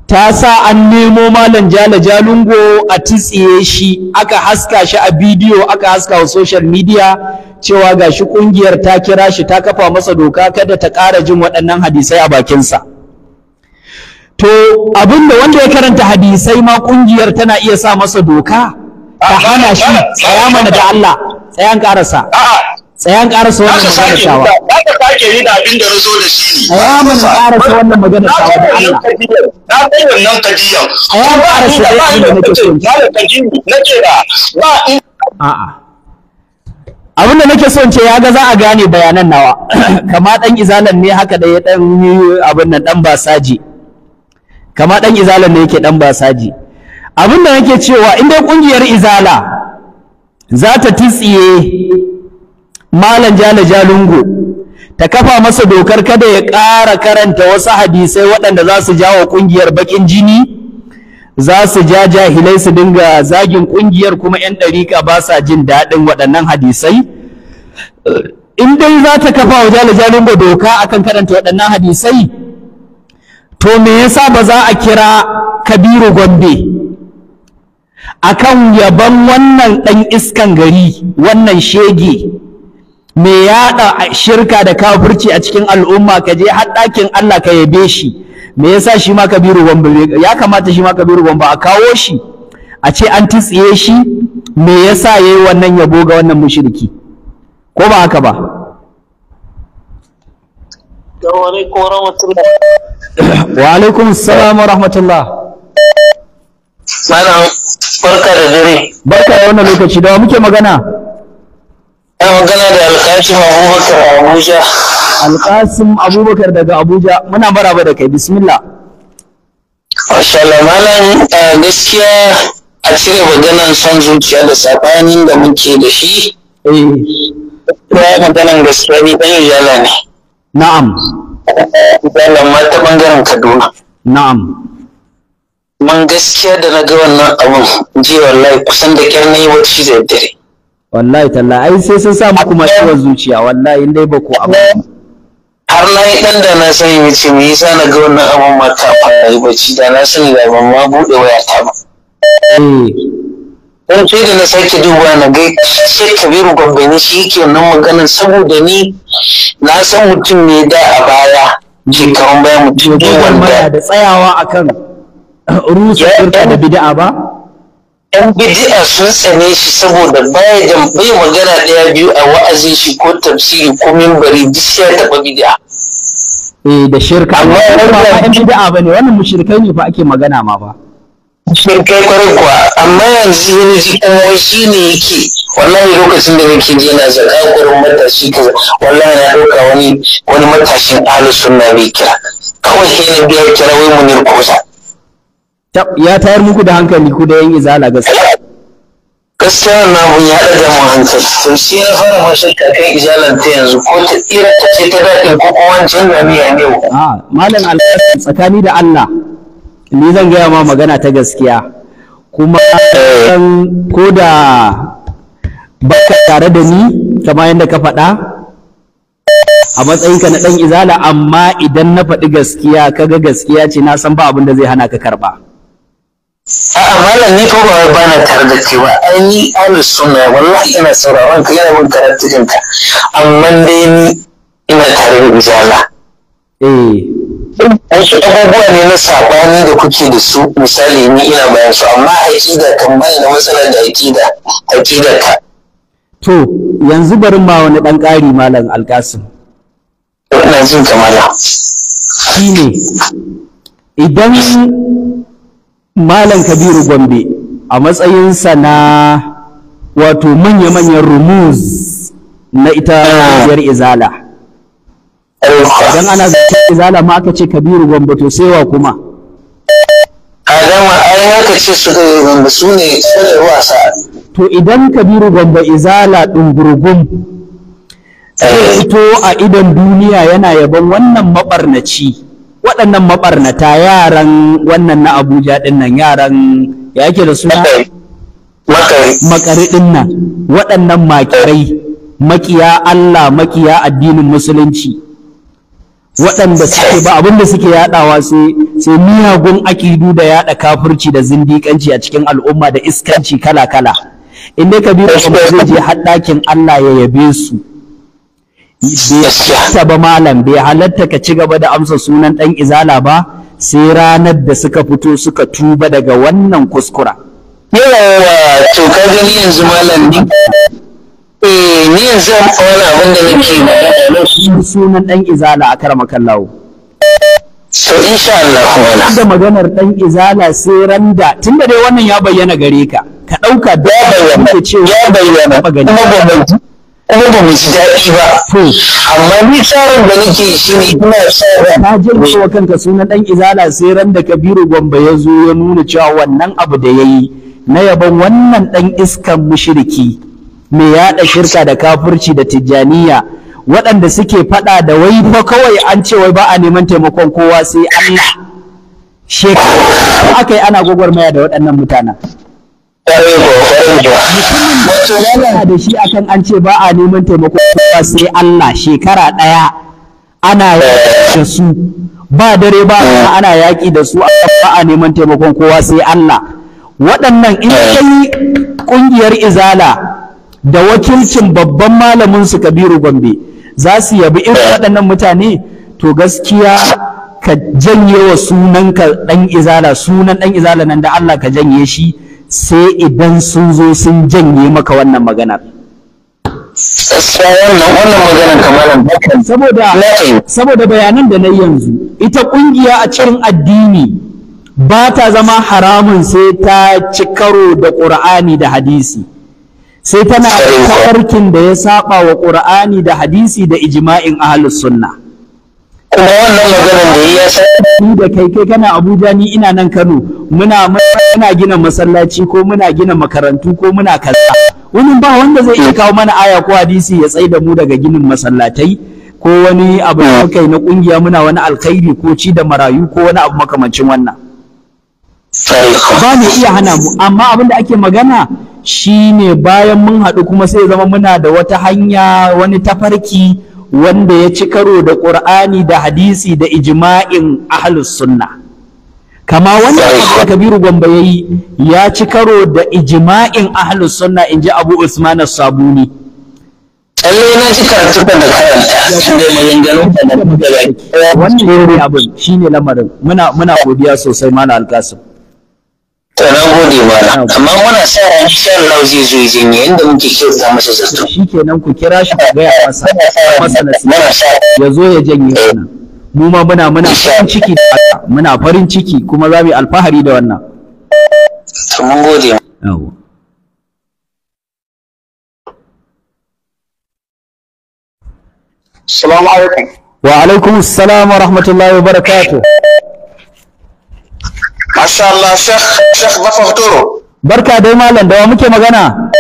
ta sa an nemo malam jala jalungo a titsiye shi aka haska shi a bidiyo aka haska wa social media cewa gashi kungiyar ta kira shi ta kafa masa doka kada ta ƙara jin waɗannan hadisai a bakinsa to abin da wanda ya karanta hadisai ma kungiyar tana iya sa masa doka ta hana shi tsaya mana da Allah tsayan ƙarasa tsayan ƙarasa wannan shawa sake ni da abin da na zo da shi ne. Ya mun ƙarasa wannan magana ta wani Allah. Na kai wannan kadiyan. Ya mun ƙarasa wannan da nake so. Na da kadiyan nake da ba in. A'a. Abin da nake son ce ya ga za a gane bayanan nawa. Kama ɗan izalan ne haka da ya ɗan yi abin nan ɗan basaji. Kama ɗan izalan ne yake ɗan basaji. Abin da nake cewa in dai ƙungiyar izala za ta titsiye Malam Jala Jalungu ta kafa masa dokar kada ya ƙara karanta wasu hadisai waɗanda za su jawo ƙungiyar baƙin jini za su ja jahilai su dinga zagin ƙungiyar kuma 'yan ɗarika ba sa jin daɗin waɗannan hadisai in dai za ta kafa wa jalajalin ba doka akan karanta waɗannan hadisai to me yasa ba za a kira kabiru gombe akan yaban wannan ɗan iskan gari wannan shege me yaɗa shirka da kafirci a cikin al'umma ka je har ɗakin Allah ka yabe shi me yasa shi ma kabiru gombe ya kamata shi ma kabiru gombe a kawo shi a ce an tsiye shi me yasa yayi wannan yabo ga wannan mushriki ko ba haka ba wa alaikum salam wa rahmatullah malam barka da dare barka da wannan lokaci da muke magana magana da alkasim abubakar abuja alkasim abubakar daga abuja muna ba da kai bismillah mashallah malam gaskiya a cire maganan son zuciya da safanin da muke da shi ya eh. maganan gaskiya ni dan yala ne na'am yala ma ta bangaren kaduna na'am man gaskiya da na ga wannan abun ji wallahi kusan da kyar na yi wacce da dare wallahi talla ai sai sun sa muku ciwon zuciya wallahi indai ba ku abu har na yi dan da na sani ya ce me yasa na ga wannan abun ma ta fara yi bacci da na sani da ban ma buɗe waya ta ba eh. dan sai da na sake duba na ga sai kabiru gombeni shi yake wannan maganar saboda ni na san mutum ne da a baya shekarun baya mutum ne wanda da tsayawa akan rusa da bid'a ba 'yan bidi'a sun tsane shi saboda baya bai magana ɗaya biyu a wa'azin shi ko tafsiri ko mimbari duk ya taɓa bidi'a. Eh da shirka amma wannan bidi'a ba ne wannan mushrikai ne fa ake magana ma ba. Mushrikai kwarai kuwa amma yanzu yana ji kuma shi ne yake wallahi lokacin da nake ji na zaka gurin matashi kaza wallahi na ɗauka wani wani matashin ahlus sunna bai kira kawai sai ne biyar kira wai munir kusa ya tayar muku da hankali ku da yan izala gaskiya gaskiya na mun ya da mu hankali to shi na fara mashi kakan izalan ta yanzu ko ta tsira ta ce ta daɗin ko kuma wancan na miya ne a ah, malam Alhaji, tsakani da Allah ni zan gaya ma magana ta gaskiya kuma san eh. ko da baka tare da ni kamar yadda ka faɗa a matsayinka na ɗan izala amma idan na faɗi gaskiya kaga gaskiya ce na san ba abin da zai hana ka karɓa a'a malam ni fa ba ba na tare da kai ba ai ni ahlus sunna wallahi ina sauraron ka yana bin karatun ka amma dai ni ina tare da bijala eh wasu abubuwa ne na saɓani da kuke da su misali ni ina bayan su amma aƙida kan bai da matsalar da aƙida aƙida ka to yanzu bari ma wani ɗan ƙari malam alƙasim ina jin kamala shine idan malam kabiru gombe a matsayinsa na wato manya-manyan rumuz na ita ƙungiyar izala idan ana zancen izala ma aka ce kabiru gombe to sewa kuma adama ai aka ce su da eh, gombe su ne wasa to idan kabiru gombe izala ɗungurgun sai eh. fito a idan duniya yana yaban wannan maɓarnaci waɗannan maɓarnata yaran wannan na Abuja ɗinnan yaran ya ke da suna makari ɗin nan waɗannan makirai makiya Allah makiya addinin musulunci waɗanda suke ba abinda suke yaɗawa sai sai miyagun akidu da yaɗa kafurci da zindiƙanci a cikin al'umma da iskanci kala kala in dai kabiru kuma zai je har ɗakin Allah ya yabe su sa malam bai halatta ka ci gaba da amsa sunan ɗan izala ba sai ranar da suka fito suka tuba daga wannan kuskura yawa to ka gani yanzu malam ni eh ni yanzu wani abin da nake ba. sunan ɗan izala a karama kallawo so insha Allah kuma da maganar ɗan izala sai randa tunda dai wannan ya bayyana gare ka ka ɗauka da ya bayyana ya bayyana kuma kuma ba mu ji daɗi ba amma ni tsarin da nake shi ne ina tsara jirka wa kanka sunan ɗan izala sai ran da kabiru gombe ya zo ya nuna cewa wannan abu da yayi na yabon wannan ɗan iskan mushriki mai yaɗa shirka da kafirci da tijjaniya waɗanda suke faɗa da wai fa kawai an ce wai ba a neman taimakon kowa sai Allah shekara aka yi ana gwagwarmaya da waɗannan mutanen Mutumin da shi akan an ce ba a neman taimako kowa sai Allah shekara ɗaya ana yaƙi da su ba dare ba ana yaƙi da su ba a neman taimakon kowa sai Allah waɗannan in kai ƙungiyar izala da wakilcin babban malamin su Kabiru Gombe za su yabi irin waɗannan mutane to gaskiya ka janye wa sunanka ɗan izala sunan ɗan izala nan da Allah ka janye shi sai idan sun zo sun janye maka wannan maganar saboda bayanan da na yanzu ita ƙungiya a cikin addini ba ta zama haramun sai ta ci karo da ƙur'ani da hadisi sai tana da da ya saba wa ƙur'ani da hadisi da ijima'in ahlus sunna kuma wannan magana da ya san ni da kai kai kana Abuja ni ina nan Kano muna muna gina masallaci ko muna gina makarantu ko muna kaza wani ba wanda zai iya kawo mana aya ko hadisi ya tsai da mu daga ginin masallatai ko wani abu da muka na kungiya muna wani alkhairi ko ci da marayu ko wani abu makamancin wannan ba ne iya hana mu amma abin da ake magana shine bayan mun haɗu kuma sai zama muna da wata hanya wani tafarki wanda ya ci karo da ƙur'ani da hadisi da ijma'in ahlus sunna kama wanda abu kabiru gwamba ya yi ya ci karo da ijma'in ahlus sunna in ji abu usman sabuni tsalle na ci karatu da karanta da maganganun da na wannan ne abin ne lamarin muna muna godiya sosai mana alkasim to na gode mana amma muna sa ran insha Allah zai zo ya janye inda muke kyauta masa zato shikenan ku kira shi ku gaya masa masa nasiha ya zo ya janye wannan mu ma muna muna farin ciki da haka muna farin ciki kuma za mu yi alfahari da wannan to mun gode yawa Assalamu alaikum. Wa alaikum assalam wa rahmatullahi wa barakatuh. Masha Allah Sheikh Sheikh Zafar Barka dai malam da wa muke magana?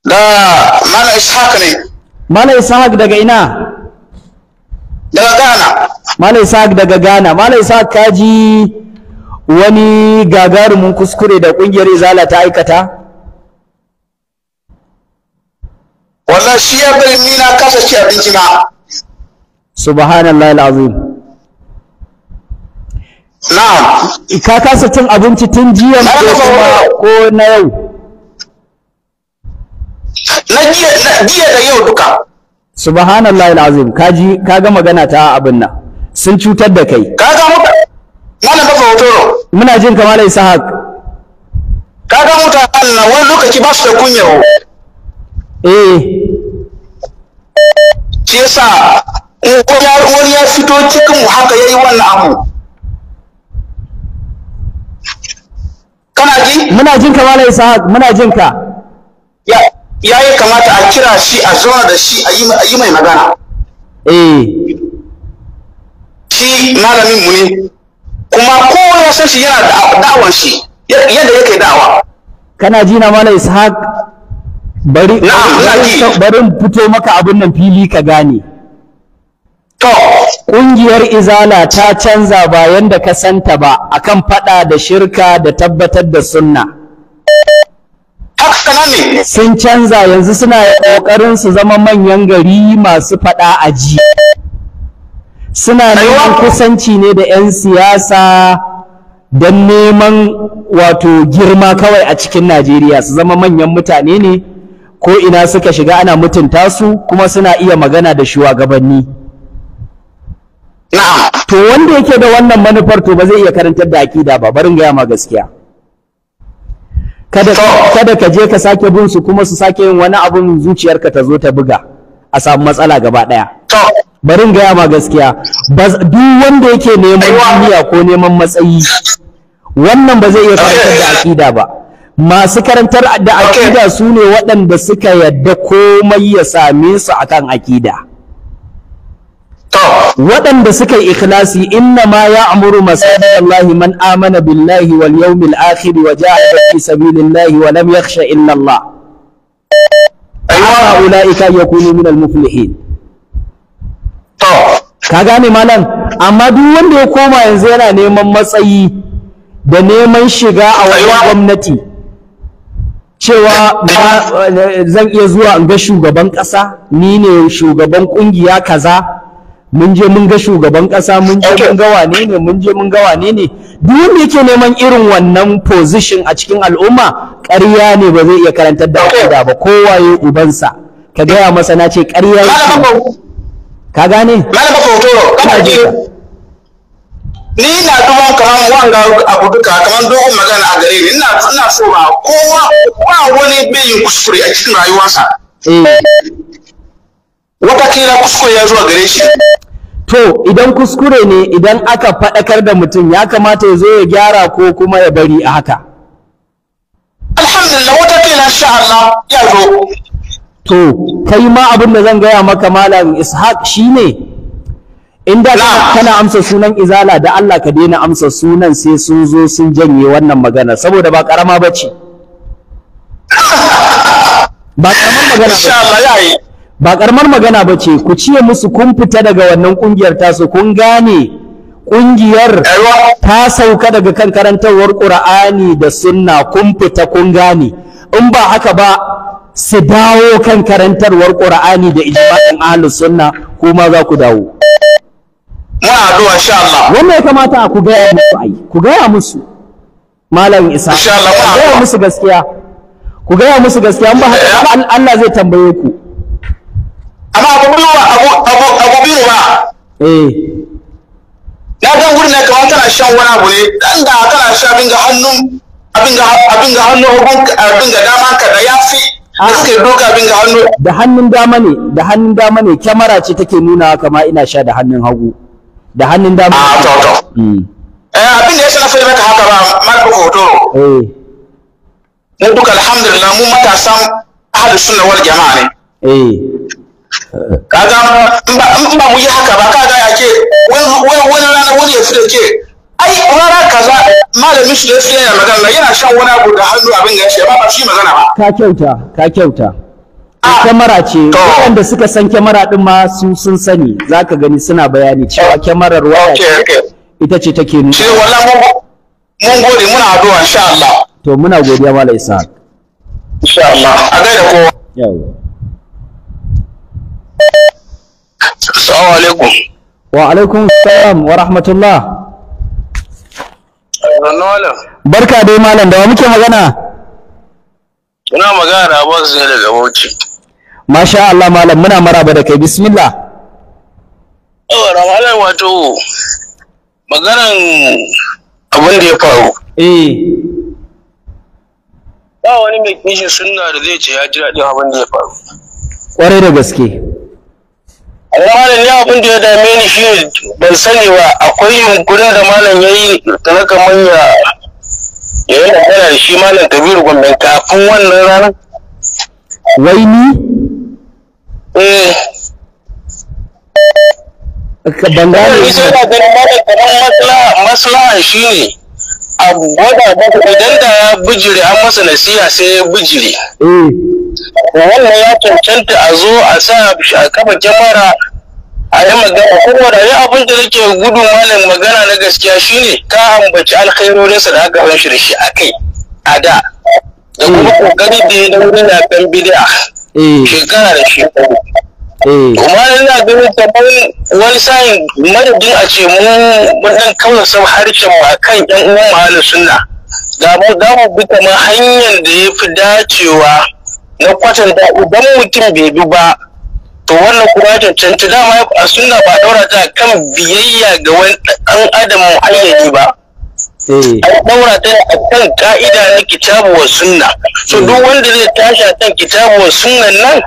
Da Malam Ishaq ne. Malam Ishaq daga ina? Daga Ghana. Malam Ishaq daga Ghana. Malam Ishaq ka ji wani gagarumin kuskure da kungiyar Izala ta aikata? Wannan shi ya bari ni na kasa ci abinci ma. Subhanallahi alazim. ka kasa cin abinci tun jiya ko na yau na jiya da yau duka subhanallahi alazim ka ga magana ta abin nan sun cutar da kai Ka ga muka mana ba hoto muna jin kamar Ishaq ga muka Allah wani lokaci ba su da kunya eh shi sa in wani ya fito cikin mu haka yayi wannan abu kana ji muna jin ka malai sahab muna jin ka ya ya kamata a kira shi a zauna da shi a yi mai magana eh shi malamin mu ne kuma ko ya san shi yana da'awar shi yadda yake da'awa kana ji na malai sahab bari na'am bari fito maka abin nan fili ka gane to ƙungiyar izala ta canza bayan da ka santa ba a kan faɗa da shirka da tabbatar da sunna sun canza yanzu suna ƙoƙarin su zama manyan gari masu faɗa a ji suna neman kusanci ne da 'yan siyasa don neman wato girma kawai a cikin najeriya su zama manyan mutane ne ko ina suka shiga ana mutunta su kuma suna iya magana da shugabanni to wanda yake da wannan manufar to ba zai iya karantar da akida ba barin gaya ma gaskiya kada ka je ka sake bin su kuma su sake yin wani abun zuciyarka ta zo ta buga a samu matsala gaba ɗaya. barin gaya ma gaskiya duk wanda yake neman duniya ko neman matsayi wannan ba zai iya karantar da akida ba masu karantar da akida su ne waɗanda suka yadda komai ya same su akan akida waɗanda suka yi ikhlasi inna ma ya ya'muru Allah man amana billahi wal yawmil akhir wa jahada fi sabilillahi wa lam yakhsha illa Allah ulaika yakunu min al muflihin to ka gane malam amma duk wanda ya koma yanzu yana neman matsayi da neman shiga a wajen gwamnati cewa zan iya zuwa in ga shugaban ƙasa ni ne shugaban ƙungiya kaza mun je mun ga shugaban kasa mun je mun ga wane ne mun je mun ga wane ne duk wanda yake neman irin wannan position a cikin al'umma ƙarya ne ba zai iya karantar da akida ba kowa ya ubansa ka gaya masa na ce ƙarya ka gane ni na duban kamar wanga abu duka kaman dogon magana a gare ni ina ina so ba kowa ba wani bai yin kuskure a cikin rayuwarsa eh. wata kila kuskure ya zuwa gare shi to idan kuskure ne idan aka faɗakar da mutum ya kamata ya zo ya gyara ko kuma ya bari a haka alhamdulillah watakila insha Allah ya zo to kai ma abin da zan gaya maka malam ishaq shine inda kana amsa sunan izala da Allah ka daina amsa sunan sai sun zo sun janye wannan magana saboda ba karama bace ba karaman magana yayi. ba karamar magana ba ce ku ciye musu kun fita daga wannan kungiyar tasu kun gane kungiyar ta sauka daga kan karantarwar qur'ani da sunna kun fita kun gane in ba haka ba su dawo kan karantarwar qur'ani da ijma'in ahlus sunna kuma za ku dawo muna addu'a insha Allah Wannan ya kamata ku gaya musu ai ku gaya musu malam Isa insha Allah ku gaya musu gaskiya ku gaya musu gaskiya in ba haka eh? Allah zai tambaye ku amma abu biyu ba abu eh. biyu ba na gan gurin na kamar kana shan wani abu ne dan da kana sha abin ga hannu abin ga abin ga hannun hukun abin ga dama ka da yafi ah. suke doka abin ga hannu da hannun dama ne da hannun dama ne kyamara ce take nuna kama ina sha da hannun hagu da hannun dama a ah, to to hmm. eh abin da ya sanar maka haka ba malaka hoto eh mu duka alhamdulillah mu matasan ahlus sunna wal jama'a ne eh kaga in ba mu yi haka ba kaga ya ke wani rana wani ya fito ke ai rana kaza malamin shi da ya magana yana shan wani abu da hannu abin ya shi ba shi magana ba ka kyauta ka kyauta ah. kyamara ce waɗanda suka san kyamara din ma su sun sani za ka gani suna bayani cewa kyamarar waya ce ita ce take nuna. Shi wallahi mun gode muna addu'a insha Allah. To muna godiya Malam Isa. Insha Allah. A gaida kowa. Yawwa. Assalamu alaikum. Wa alaikum salam wa rahmatullah. Barka dai malam da wa muke magana? Ina magana da Abbas ne daga Bauchi. Masha Allah malam muna maraba da kai bismillah. Yawa Ramadan wato maganan abin da ya faru. Eh. Ba wani mai kishin sunna da zai ce ya ji daɗin abin da ya faru. Ƙwarai da gaske. amma malam ni abin da ya dame ni shi ban sani ba akwai yunkurin da malam ya yi na kamar ya ya yi magana da shi malam kabiru gwamnan kafin wannan ranar wai ni eh ban gane ni sai na ganin malam kamar maslaha maslaha shi ne abu idan da ya bijire an masa nasiha sai ya bijire eh. wannan ya cancanta a zo a sa a kafa kyamara a yi magana kuma da abin da nake gudu malam magana na gaskiya shine ka ambaci alkhairorinsa da aka ban shi a kai a da da kuma eh. kokari da ya dauri na kan bid'a eh. shekara da shekaru Eh. amma yana ganin kamar wani sa'in madadin a ce mu dan kaunasa harshen mu akan yan uwan mahalin sunna da mu da mu bi kamar hanyar da ya fi dacewa na kwatanta idan mutum bai bi ba to wannan kuma ya cancanci dama a sunna ba daura ta kan biyayya ga wani ɗan adam muhayyadi ba eh. A daura ta a kan ka'ida na kitabu wa sunna so duk eh. wanda zai tashi a kan kitabu wa sunnan nan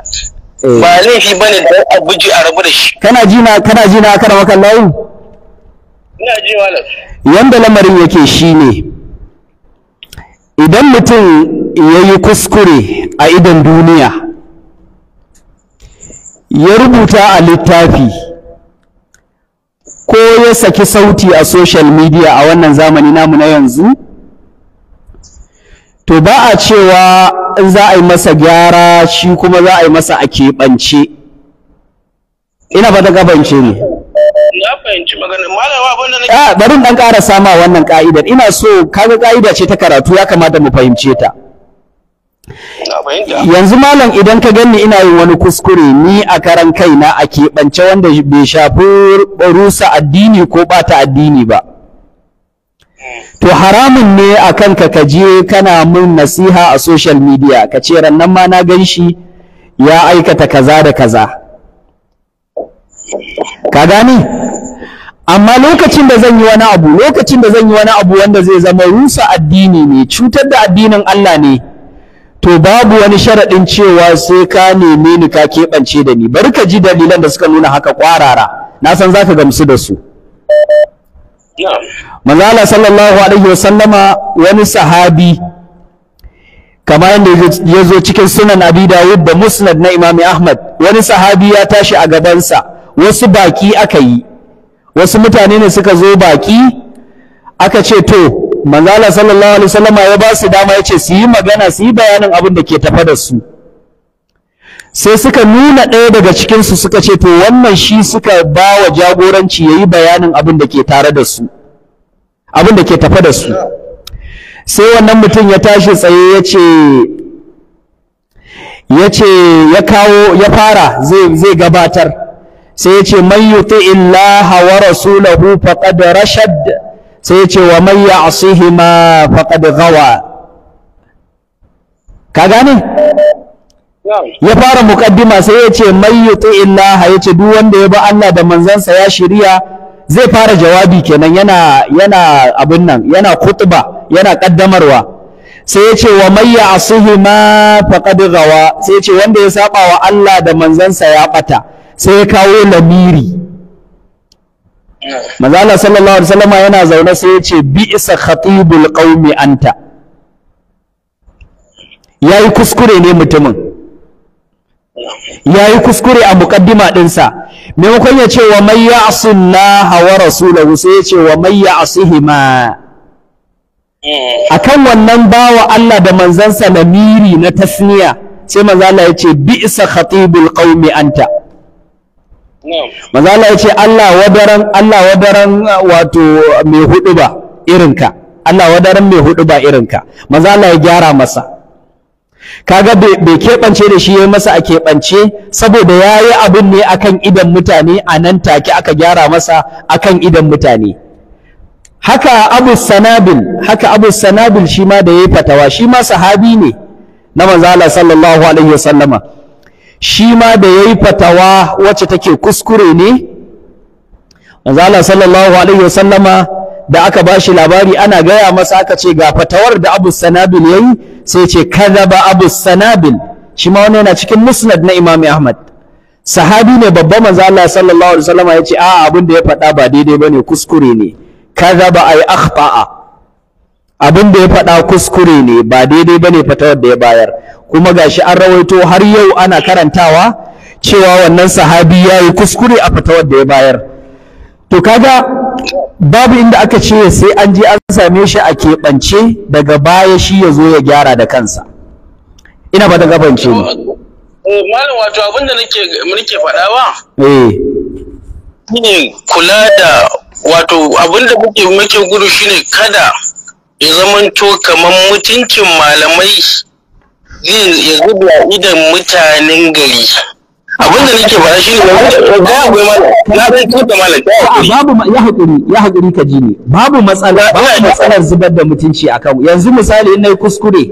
Eh. ba laifi ba ne da a guji a rabu da shi kana ji na kana ji na kana maka layu ina ji malam yanda lamarin yake shine idan mutum ya yi kuskure a idan duniya ya rubuta a littafi ko ya saki sauti a social media a wannan zamani namu na yanzu to ba a cewa in za a yi masa gyara shi kuma za a yi masa a keɓance ina ba ta gabance ne na fahimci ah, bari ƙara sama wannan ƙa'idar. ina so kaga ƙa'ida ce ta karatu ya kamata mu fahimce ta yanzu malam idan ka ganni ina yin wani kuskure ni a karan kaina a keɓance wanda bai shafi rusa addini ko ɓata addini ba to haramun ne a kanka ka je kana mun nasiha a social media ka ce rannan ma na gan shi ya aikata kaza da kaza ka gani amma lokacin da zan yi wani abu lokacin da zan yi wani abu wanda zai zama rusa addini ne cutar da addinin Allah ne to babu wani sharaɗin cewa sai ka neme ni ka keɓance da ni bari ka ji dalilan da suka nuna haka kwarara. na san za ka gamsu da su manzala sallallahu alaihi wasallama wani sahabi kamar yadda ya zo cikin sunan abi dawud da musnad na imami ahmad wani sahabi ya tashi a gabansa wasu baki aka yi wasu mutane ne suka zo baki aka ce to manzala sallallahu alaihi wasallama ya ba su dama ya ce su yi magana su yi bayanin abin da ke tafa da su sai suka nuna ɗaya daga cikinsu suka ce to wannan shi suka ba wa jagoranci ya yi bayanin abin da ke tare da su abin da ke tafe da su sai wannan mutum ya tashi tsaye ya ce ya ce ya kawo ya fara zai gabatar sai ya ce man yuti illaha wa rasulahu faqad rashad sai ya ce wa man ya'sihima faqad ghawa ka gane ya fara mukaddima sai ya ce man illaha ya ce duk wanda ya bi Allah da manzansa ya shirya, zai fara jawabi kenan yana yana abin nan yana khutba yana kaddamarwa sai ya ce wa man ya'sihi ma faqad gawa sai ya ce wanda ya saba wa Allah da manzansa ya ɓata? sai ya kawo lamiri manzo sallallahu alaihi yana zaune sai ya ce bi isa khatibul qaumi anta yayi kuskure ne mutumin ya yi kuskure a muƙaddima ɗinsa maimakon ya ce wa mai ya asu na hawa rasulahu sai ya ce wa mai ya asu hima eh. a kan wannan bawa Allah da manzansa na miri na tasniya sai manzala ya ce bi isa khatibul qaumi anta manzala ya ce Allah wadaran Allah wadaran wato mai hudu ba irinka Allah wadaran mai hudu ba irinka manzala ya gyara masa kaga bai keɓance da shi ya masa a keɓance saboda ya yi abin ne akan idan mutane a nan take aka gyara masa akan idan mutane haka abu sanabil haka abu sanabil shi ma da ya yi fatawa shi ma sahabi ne na manzala sallallahu alaihi wasallama shi ma da ya yi fatawa wacce take kuskure ne manzala sallallahu alaihi wasallama da aka ba shi labari ana gaya masa aka ce ga fatawar da abu sanabil ya yi sai ce kadhaba abu sanabil shi ma wannan yana cikin musnad na imami ahmad sahabi ne babba manzo Allah sallallahu alaihi wasallam ya ce a abin da ya faɗa ba daidai bane kuskure ne ba ay akhta'a abin da ya faɗa kuskure ne ba daidai bane fatawar da ya bayar kuma gashi an rawaito har yau ana karantawa cewa wannan sahabi ya yi kuskure a fatawar da ya bayar to kaga babu inda aka ce sai an je an same shi a keɓance daga baya shi ya zo ya gyara da kansa ina ba da gabance ne malam wato abin da nake nake faɗa ba eh shine kula da wato abin da muke muke gudu shine kada ya zamanto kamar mutuncin malamai zai ya da idan mutanen gari abin da nake ba shi ne ga akwai na san tuta malam babu ya hakuri ya hakuri ka ji ne babu matsala babu matsalar zubar da mutunci akan yanzu misali in nayi kuskure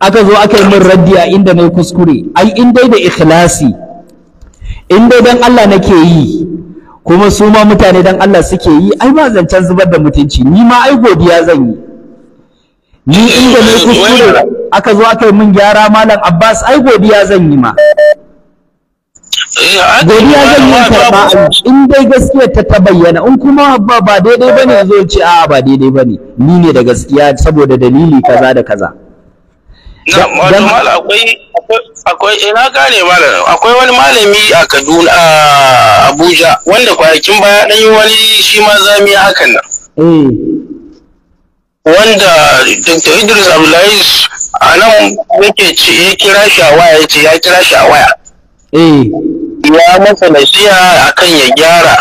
aka zo aka yi min raddi a inda nayi kuskure ai in dai da ikhlasi in dai dan Allah nake yi kuma su ma mutane dan Allah suke yi ai ba zancen zubar da mutunci ni ma ai godiya zan yi ni inda nayi kuskure aka zo aka yi min gyara malam Abbas ai godiya zan yi ma godiya zan yi karɓa in dai gaskiya ta ta bayyana in kuma ba ba daidai ba ne, yazo ce a'a ba daidai ba ne, ni ne da gaskiya saboda dalili kaza da kaza na malam akwai akwai ina eh, gane malam akwai wani malami a Kaduna a Abuja wanda kwanakin baya dan yi wani shi ma zami hakan nan eh. wanda Dr. Idris Abdullahi a nan yake ce ya kira shi a waya ya ce ya kira shi a waya eh ya masa nasiha akan ya gyara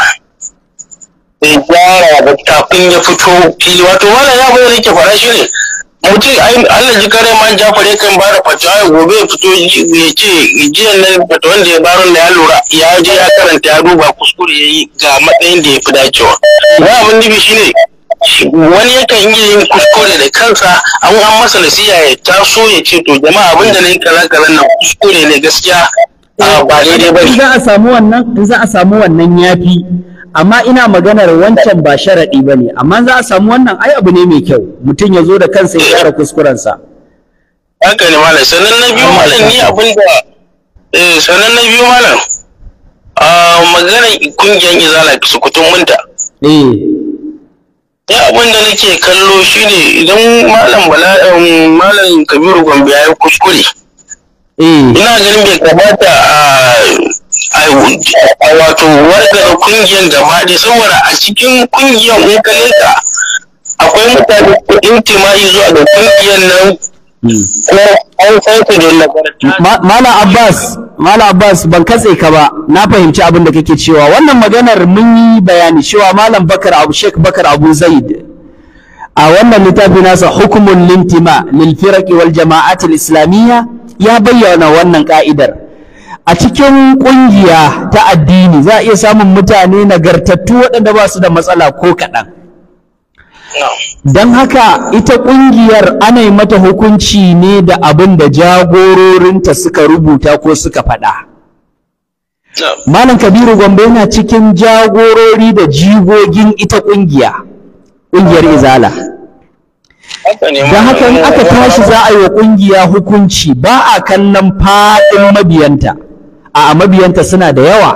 ya gyara da tafin ya fito fili wato wala ya bayar yake fara shi ne mutum Allah ji kare man Jafar ya kan bada fata ya gobe ya fito ya ce jiya na fata wanda ya baro na ya lura ya je ya karanta ya duba kuskure ya yi ga matsayin da ya fi dacewa. Wani abin nufi shi ne wani yakan iya yin kuskure da kansa an an masa nasiha ya taso ya ce to jama'a abinda na yi kalan kalan nan kuskure ne gaskiya Eh, za a samu wannan in za a samu wannan yafi amma ina maganar wancan ba sharaɗi ba ne amma za a samu wannan ai abu ne mai kyau mutum ya zo da kansa ya gyara kuskurensa haka ne malam sannan na biyu malam ni abin da eh sannan na biyu malam a maganar kungiyar izala su kutun munta eh ya abin da nake kallo shine idan malam bala um, malam kabiru gombe ya yi kuskure Eh. ina ganin bai kamata a wato wadda kungiyar da da saboda a cikin kungiyar hankalinka akwai mutane kudin timari zuwa ga kungiyar nan Ko an da Mala Abbas, Mala Abbas ban katse ka ba, na fahimci abin da kake cewa wannan maganar mun yi bayani cewa Malam Bakar Abu Sheikh Bakar Abu Zaid a wannan littafi nasa hukumun lintima lil firaqi wal jama'at al islamiyya ya bayyana wannan ka'idar a cikin ƙungiya ta addini za a iya samun mutane nagartattu waɗanda ba su da matsala ko kaɗan don haka ita ƙungiyar ana yi mata hukunci ne da abin da jagororinta suka rubuta ko suka faɗa malam kabiru gombe yana cikin jagorori da jigogin ita ƙungiya ƙungiyar izala Da haka in aka tashi za a yi wa ƙungiya hukunci ba a kallon faɗin mabiyanta a mabiyanta suna da yawa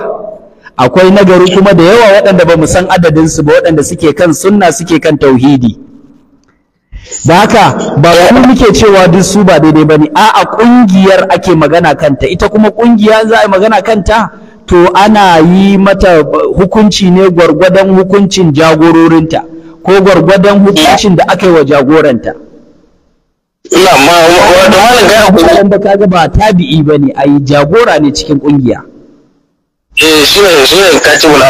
akwai nagari kuma da yawa waɗanda ba mu san adadinsu ba waɗanda suke kan sunna suke kan tauhidi da haka ba ku muke cewa duk su ba daidai ba ne a'a ƙungiyar ake magana kanta ita kuma ƙungiya za a yi magana kanta to ana yi mata hukunci ne gwargwadon hukuncin jagororinta ko gwargwadon hukuncin da aka yi wa jagoranta Ina malam ba kaga ba tabi'i ba ne ai jagora ne cikin kungiya eh shi ne shi ne kaci bula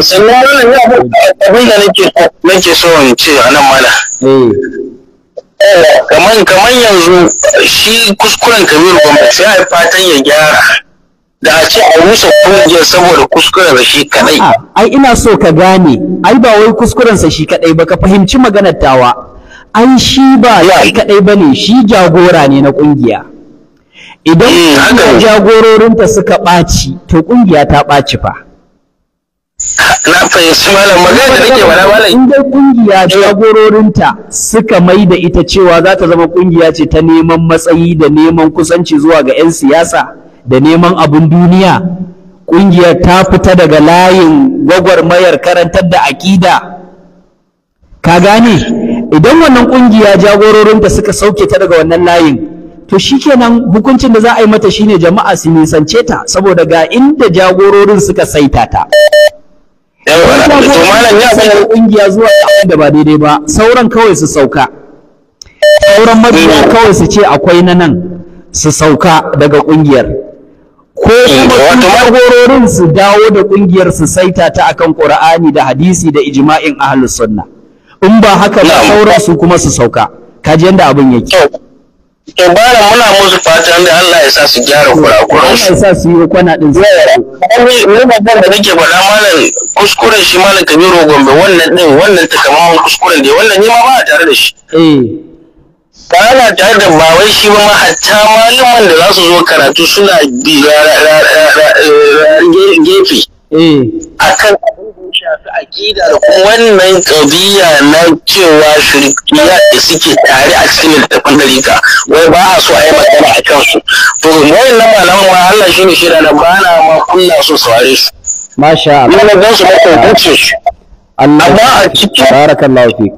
sannan malam ya abin da nake nake so in ce a nan mana. eh, eh kamar yanzu shi kuskuren kabiru gwamnati sai a fatan ya gyara da a ce a rusa kungiyar saboda kuskuren shi kadai ai ina so ka gane ai ba wai kuskuren sa shi kadai ba ka fahimci maganar tawa ai shi ba shi kadai bane shi jagora ne na kungiya idan eh, jagororinta suka ɓaci to kungiya ta ɓaci fa na fahimci malam magana da nake wala wala in dai kungiya eh. jagororinta suka mai da ita cewa za ta zama kungiya ce ta neman matsayi da neman kusanci zuwa ga 'yan siyasa da neman abin duniya ƙungiyar ta fita daga layin gwagwarmayar karantar da aƙida ka gane idan wannan ƙungiya jagororinta suka sauke ta daga wannan layin to shikenan hukuncin da za a yi mata shine jama'a su nisance ta saboda ga inda jagororin suka saita ta ƙungiya zuwa abin da ba daidai ba sauran kawai su sauka sauran mabiya kawai su ce akwai na nan su sauka daga ƙungiyar ko eh, kuma jagororin su dawo da kungiyar su saita ta akan Qur'ani da hadisi da ijma'in ahlus sunna in ba haka ba saura su kuma su sauka kaji yanda abin yake to bara muna musu fatan da Allah ya sa su gyara kurakuran su Allah ya sa su yi kwana din su ne babban da nake faɗa malam kuskuren shi malam Kabiru Gombe wannan din wannan takamaiman kuskuren da wannan ne ma ba tare da shi eh ba na tare da ba wai shi ba ma hatta malaman da za su zo karatu suna bi eh, gefe eh. akan shafi aƙida da kuma wannan ƙabiya na cewa shirkiya da suke tare a cikin littattafan dalika wai ba a so a yi magana a kansu to wani na malaman wa Allah shi ne shida na ba na ma kunna su saurare su masha Allah na gan su na kwantace su amma a cikin barakallahu fik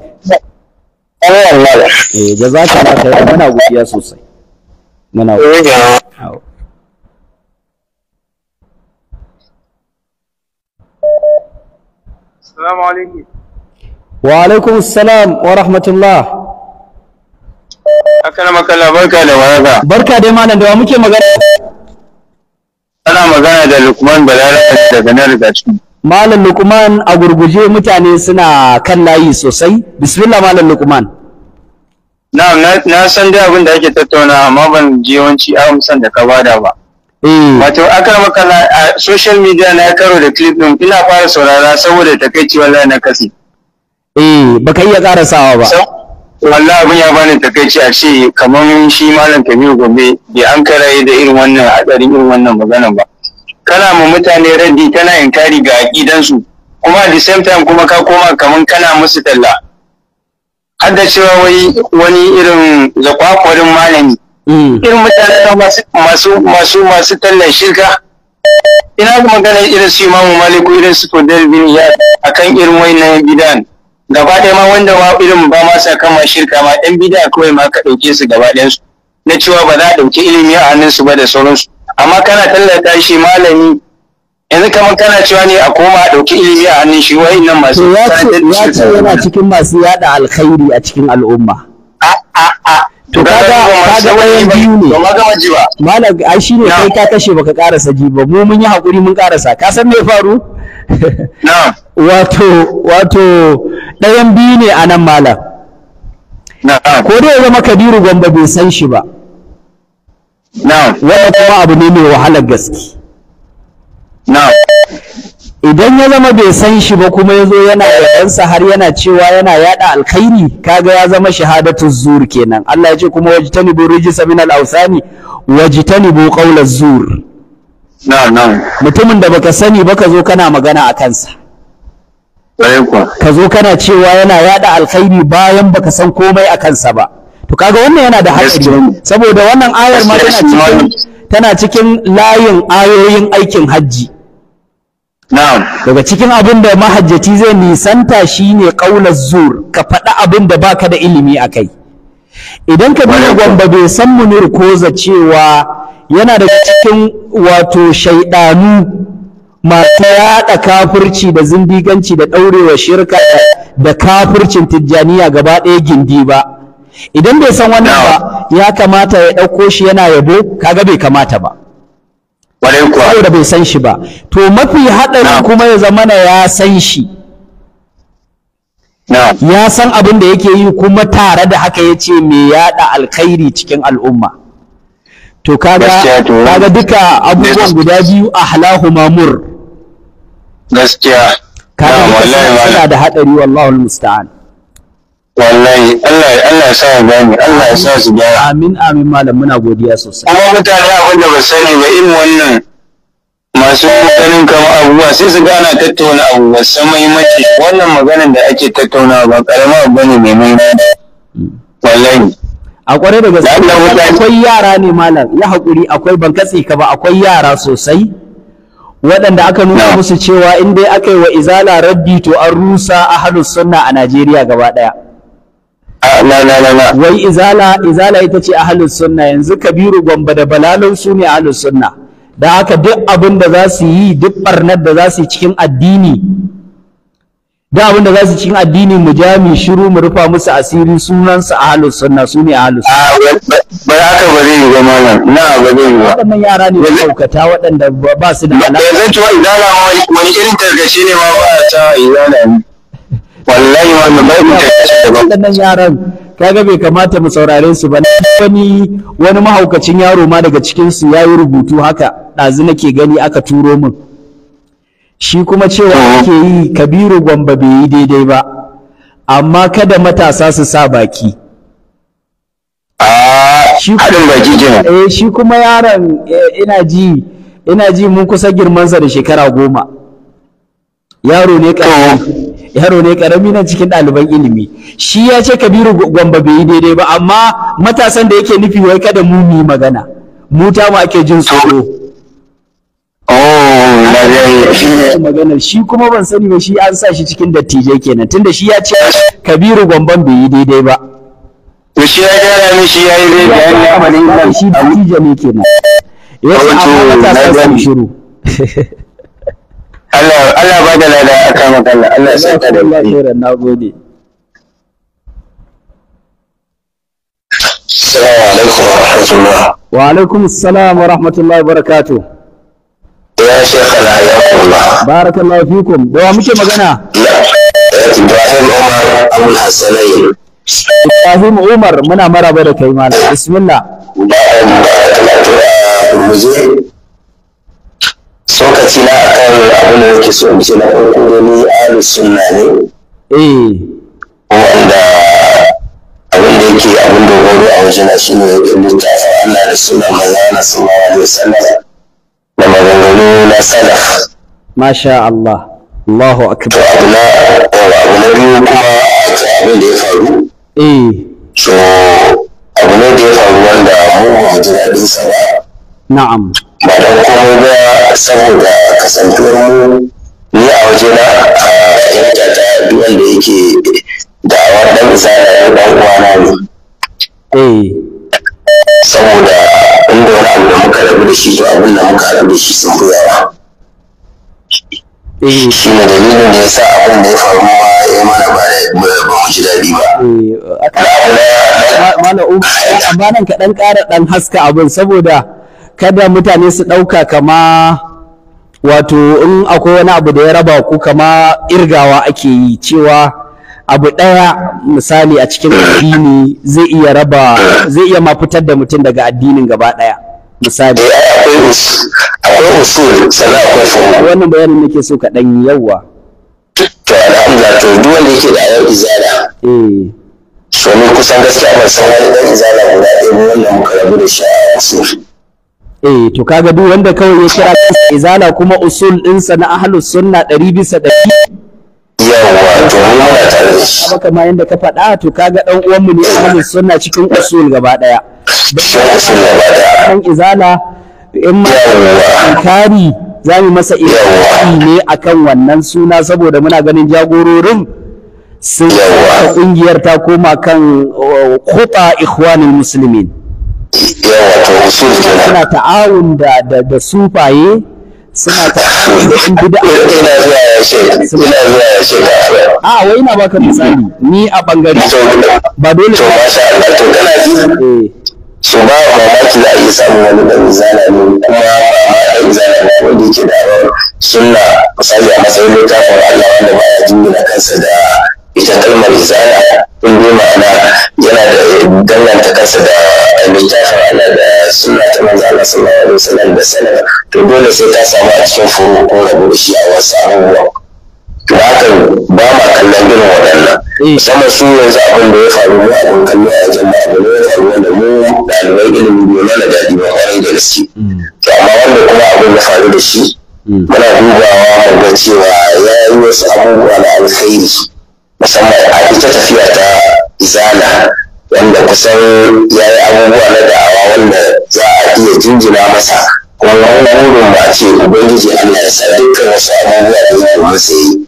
eh jazakallahu khairan muna godiya sosai muna godiya Assalamu alaikum. Wa alaikum assalam wa rahmatullah. Akana makalla barka da waraka. Barka dai malam da muke magana. Ana magana da Lukman Balala daga nan daga cikin. Malam Luqman a gurguje mutane suna kan layi sosai. Bismillah Malam Luqman. Na na san dai abin da ake tattauna amma ban je wanci amsan da ka bada ba. Eh. Wato aka maka a social media na karo da clip din ina fara saurara saboda takaici wallahi na kasi. Eh baka iya karasawa ba. Wallahi abin ya bani takaici a ce kamar shi malam Kabiru Gombe bai an karaye da irin wannan hadarin irin wannan maganan ba. kana ma mutane raddi tana inkari ga aƙidansu kuma the same time kuma ka koma kaman kana musu talla har da cewa wai wani irin zakwakwarin malami mm. irin mutane masu masu masu tallan shirka ina ga magana irin su imamu maliku irin su kodar bin ya akan irin na bidan gaba ɗaya ma wanda ma irin ba ma sa kama shirka ma ɗan bida kawai ma ka ɗauke su gaba ɗayan su na cewa ba za a ɗauki ilimi a hannun su ba da sauransu amma kana tallata shi malami yanzu kamar kana cewa ne a koma a ɗauki ilimi a hannun shi wa'in nan masu ya ce yana cikin masu yada alkhairi a cikin al'umma to kaga kaga wayan biyu ne malam ai shine kai ka kashe baka karasa ji ba mu mun yi hakuri mun karasa ka san me faru wato wato ɗayan biyu ne a nan malam ko dai ya zama kabiru gwamba bai san shi ba wanda kuma abu ne mai wahalar gaske idan ya zama bai san shi ba kuma ya zo yana yayansa har yana cewa yana yada alkhairi kaga ya zama shahadatu zur kenan Allah ya ce kuma wajtanibu rijsa min al-awsani wajtanibu qawla zur na na mutumin da baka sani ba ka zo kana magana a kansa ka zo kana cewa yana yada alkhairi bayan baka san komai a kansa ba to kaga wannan yana da hatsari saboda wannan ayar ma tana cikin tana cikin layin ayoyin aikin hajji na'am daga cikin abin da mahajjaci zai nisanta shine qaular zur ka faɗi abin da baka da ilimi akai idan ka duba gwamba bai san munir koza cewa yana da cikin wato shaidanu masu yaɗa kafirci da zindiganci da ɗaurewa shirka da kafircin tijjaniya gaba ɗaya gindi ba idan bai san wannan ba ya kamata ya ɗauko shi yana yabo kaga bai kamata ba saboda bai san shi ba to mafi haɗari kuma ya zamana ya san shi ya san abin da yake yi kuma tare da haka ya ce me yaɗa alkhairi cikin al'umma to kaga duka abubuwan guda biyu ahlahu mamur gaskiya kaga duka suna da haɗari wallahu musta'an wallahi Allah Allah ya sa ya gane Allah ya sa su gyara amin amin malam muna godiya sosai kuma mutane abin da ba sani ba irin wannan masu ganin kama abubuwa sai su gana tattauna abu ba san muhimmanci wannan maganar da ake tattaunawa ba karama abu ne mai muhimmanci wallahi a kwarai da gaske akwai yara ne malam ya haƙuri akwai ban katse ka ba akwai yara sosai waɗanda aka nuna musu cewa in dai aka yi wa izala raddi to an rusa ahlus sunna a Najeriya gaba ɗaya na na na na wai izala izala ita ce ahlus sunna yanzu kabiru gombe da balalun su ne ahlus sunna da haka duk abin da za su yi duk barnar da za su yi cikin addini duk abin da za su cikin addini mu ja mu shiru mu rufa musu asiri sunan su ahlus sunna su ne ahlus sunna ah, ba za ka bari yi zama nan na ba zai yi ba waɗannan yara ne mahaukata waɗanda ba su da alaƙa yanzu cewa izala wani irin tarkace ne ma ba ta izala ne wallahi wannan bai mutum waɗannan yaran kaga bai kamata mu saurare su ba wani wani mahaukacin yaro ma daga cikin su yayi rubutu haka ɗazu nake gani aka turo min shi kuma cewa ake yi kabiru gwamba bai yi daidai ba amma kada matasa su sa baki ah, eh, shi kuma yaron eh, ina ji ina ji mun kusa girmansa da shekara goma yaro ne ƙarami eh. yaro ne karami nan cikin ɗaliban ilimi shi ya ce kabiru gwamba bai yi daidai ba amma matasan da yake nufi wai kada mu mu magana mu ta mu oh, ake jin tsoro maganar shi kuma ban sani ba shi an sa shi cikin dattijai kenan tunda shi ya ce kabiru gwamban bai yi daidai ba to shi ya gyara ne shi ya yi daidai ya yi amalin shi dattijai ne kenan yau ce amma matasan sun shiru Allah Allah ba da lada a kan magana Allah ka da wa alaikum assalam wa rahmatullahi wa barakatuh ya ya Allah barakallahu fikum da wa muke magana Ibrahim Umar Ibrahim Umar muna maraba da kai malam bismillah tsokaci na akan abin da nake so in ce na farko da ni ahlu sunna ne eh. wanda abin da yake abin da dogaro a wajena shine littafin Allah da suna manzana sallallahu alaihi wasallam da maganganu na salaf masha Allah Allahu akbar abu na abu na biyu kuma abin da ya faru eh so abu da ya faru wanda mu ba mu ji daɗin sa ba na'am ba don komai ba saboda kasantuwar mu ni a waje na, fahimta ta duk wanda yake da'awar dan zana ya dan uwana ne eh. saboda inda wani abu da muka rabu da shi to abin da muka rabu da shi sun fi yawa eh. shi ne dalilin da ya sa abin da ya faru ma ya mana ba da ba mu ji daɗi ba eh, malam umu a nan ka ɗan ƙara ɗan haska abin saboda kada mutane su ɗauka kama wato in akwai wani abu da ya raba ku kama irgawa ake yi cewa abu ɗaya misali a cikin addini zai iya raba zai iya ma fitar da mutum daga addinin gaba ɗaya misali eh, akwai usul sannan akwai fuhu wannan bayanin nake so ka ɗan yawa to alhamdulillah to duk wanda yake da ayar izala eh so ni kusan gaskiya ban san da izala guda ɗaya wannan muka rabu da shi a usul eh to kaga duk wanda kawai ya kira kansa izala kuma usul ɗinsa na ahlus sunna ɗari bisa yawa to muna tare ka faɗa to kaga dan uwan mu cikin usul gaba ɗaya dan izala in ma kari za masa irin akan wannan suna saboda muna ganin jagororin ƙungiyar ta koma kan uh, khuta ikhwanul muslimin suna ta'awun da da da sufaye suna ta'awun da yan bid'a ina zuwa ya ce ina zuwa ya ce a wai ina baka misali ni a bangare ba dole to ba masha Allah to kana ji Su eh. ba mamaki za a iya samun wani dan zana ne kuma ba ma zana ne wanda yake da sunna misali a matsayin littafin Allah wanda ba ya jingina kansa da ita kalmar zara in ma'ana yana da danganta kansa da littafin ana da sunna ta manza Allah sallallahu alaihi da sanad to dole sai ta samu a cikin furu ko na da shi a wasu abubuwa to haka ba ma kallon irin waɗannan eh. musamman su yanzu abin da ya faru mu abin kallo a yanzu ba abin da ya faru wanda mu ɗalibai ilimi bai mana daɗi ba kwarai da gaske hmm. to amma wanda kuma abin ya faru da shi hmm. muna dubawa mu ga cewa ya yi wasu abubuwa na alkhairi musamman a ita tafiya ta zana wanda kusan ya yi abubuwa na da'awa wanda za a iya jinjina masa kuma wannan wurin ba ce ubangiji Allah ya sa dukkan wasu abubuwa da ya kuma sai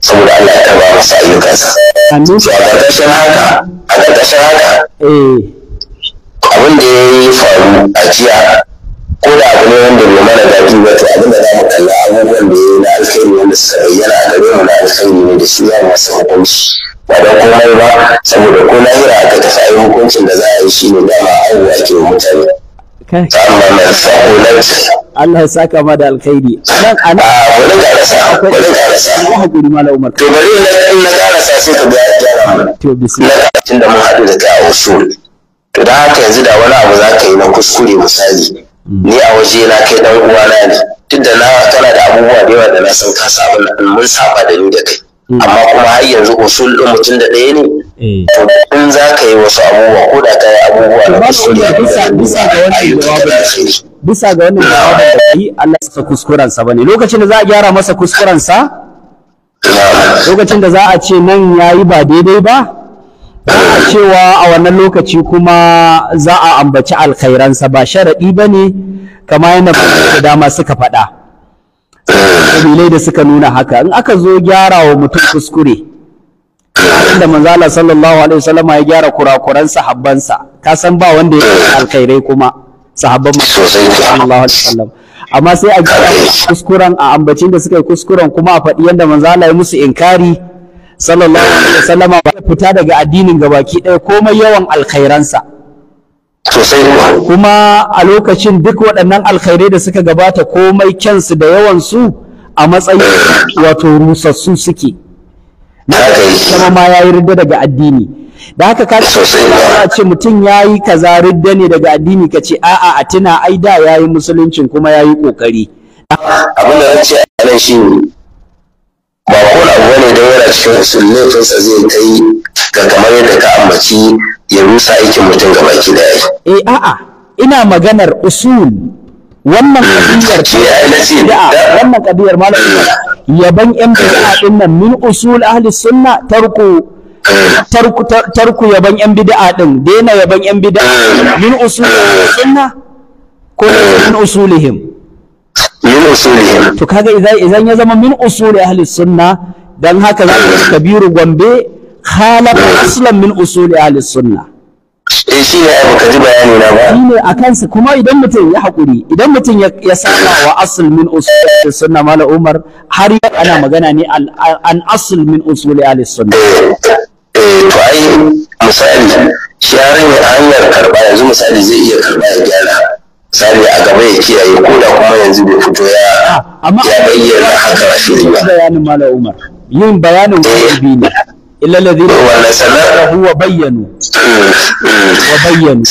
saboda Allah ya karba masa ayyukansa. To a ƙarƙashin haka a ƙarƙashin haka eh. abin da ya yi faru a jiya ko da abu ne wanda bai mana daɗi ba to abin da za mu kalla abubuwan da ya yi na alkhairi wanda suka bayyana a gare mu na alkhairi ne da shi ya mu hukunci ba don komai ba saboda ko na lahira aka tafi ayi hukuncin da za a yi shi ne dama aiwu ake mutane. na mutane. Allah ya saka ma da alkhairi. Nan a nan. Ah, ba da karasa, ba da karasa. Ba hakuri mala Umar. To bari in na karasa sai ka ga ya gyara mana. To bismillah. Tunda mun haɗu da ta usul. To da haka yanzu da wani abu za ka yi na kuskure misali. ni a waje na kai dan uwana ne duk da na tana da abubuwa da yawa da na san ka sa abin mun saba da ni da kai mm. amma kuma har yanzu usul din mutum da ɗaya ne eh. to in za ka yi wasu abubuwa ko da ka yi abubuwa na kuskure bisa ga wannan jawabin bisa ga wannan jawabin da kai Allah ya kuskuren sa bane lokacin da za a gyara masa kuskuren sa lokacin da za a ce nan yayi ba daidai ba cewa a wannan lokaci kuma za a ambaci alkhairansa ba sharaɗi ba ne kama yana da dama suka faɗa dalilai da suka nuna haka in aka zo gyara wa mutum kuskure da manzala sallallahu alaihi wasallam ya gyara kurakuran sahabbansa ka san ba wanda ya alkhairai kuma sahabban sallallahu alaihi wasallam amma sai a gyara kuskuren a ambacin da suka yi kuskuren kuma a faɗi yadda manzala ya musu inkari sallallahu alaihi wasallama ba fita daga addinin gabaki ɗaya komai yawan alkhairansa kuma a lokacin duk waɗannan alkhairai da suka gabata komai kyansu da yawan su a matsayin wato rusassu suke kuma ma ya yi ridda daga addini da haka ka ce mutum ya yi kaza ridda ne daga addini ka ce a'a a tuna ai da ya yi musuluncin kuma ya yi ƙoƙari abin da zan ce a nan shi ba ko abu bane don yana cikin usul sa zai kai ga kamar yadda ka ambaci ya rusa aikin mutum ga baki da yayi eh a'a ina maganar usul wannan kabiyar hmm, wannan kadiyar malamin hmm. yaban yan bid'a din hmm. nan min usul ahli sunna tarku tarku tarku yaban yan bid'a din daina yaban yan bid'a min usul sunna ko min usulihim min usulihim to kaga idan ya zama min usuli ahli sunna dan haka za ka kabiru gombe khalafa aslan min usuli ahli sunna eh shi ne abu kaji bayani na ba shine akan su kuma idan mutum ya hakuri idan mutum ya sanna wa asl min usuli ahli sunna mala umar har ya ana magana ne an asl min usuli ahli sunna eh, eh to ai misali shi ya hanyar karba yanzu misali zai iya karba ya gyara sani a gaba ya kiyaye ko da kuma yanzu bai fito ya ah, ya bayyana haka a fili ba bayanin malam umar yin bayanin eh. wajibi ne illa ladina hmm, hmm. wa bayyanu wa bayyanu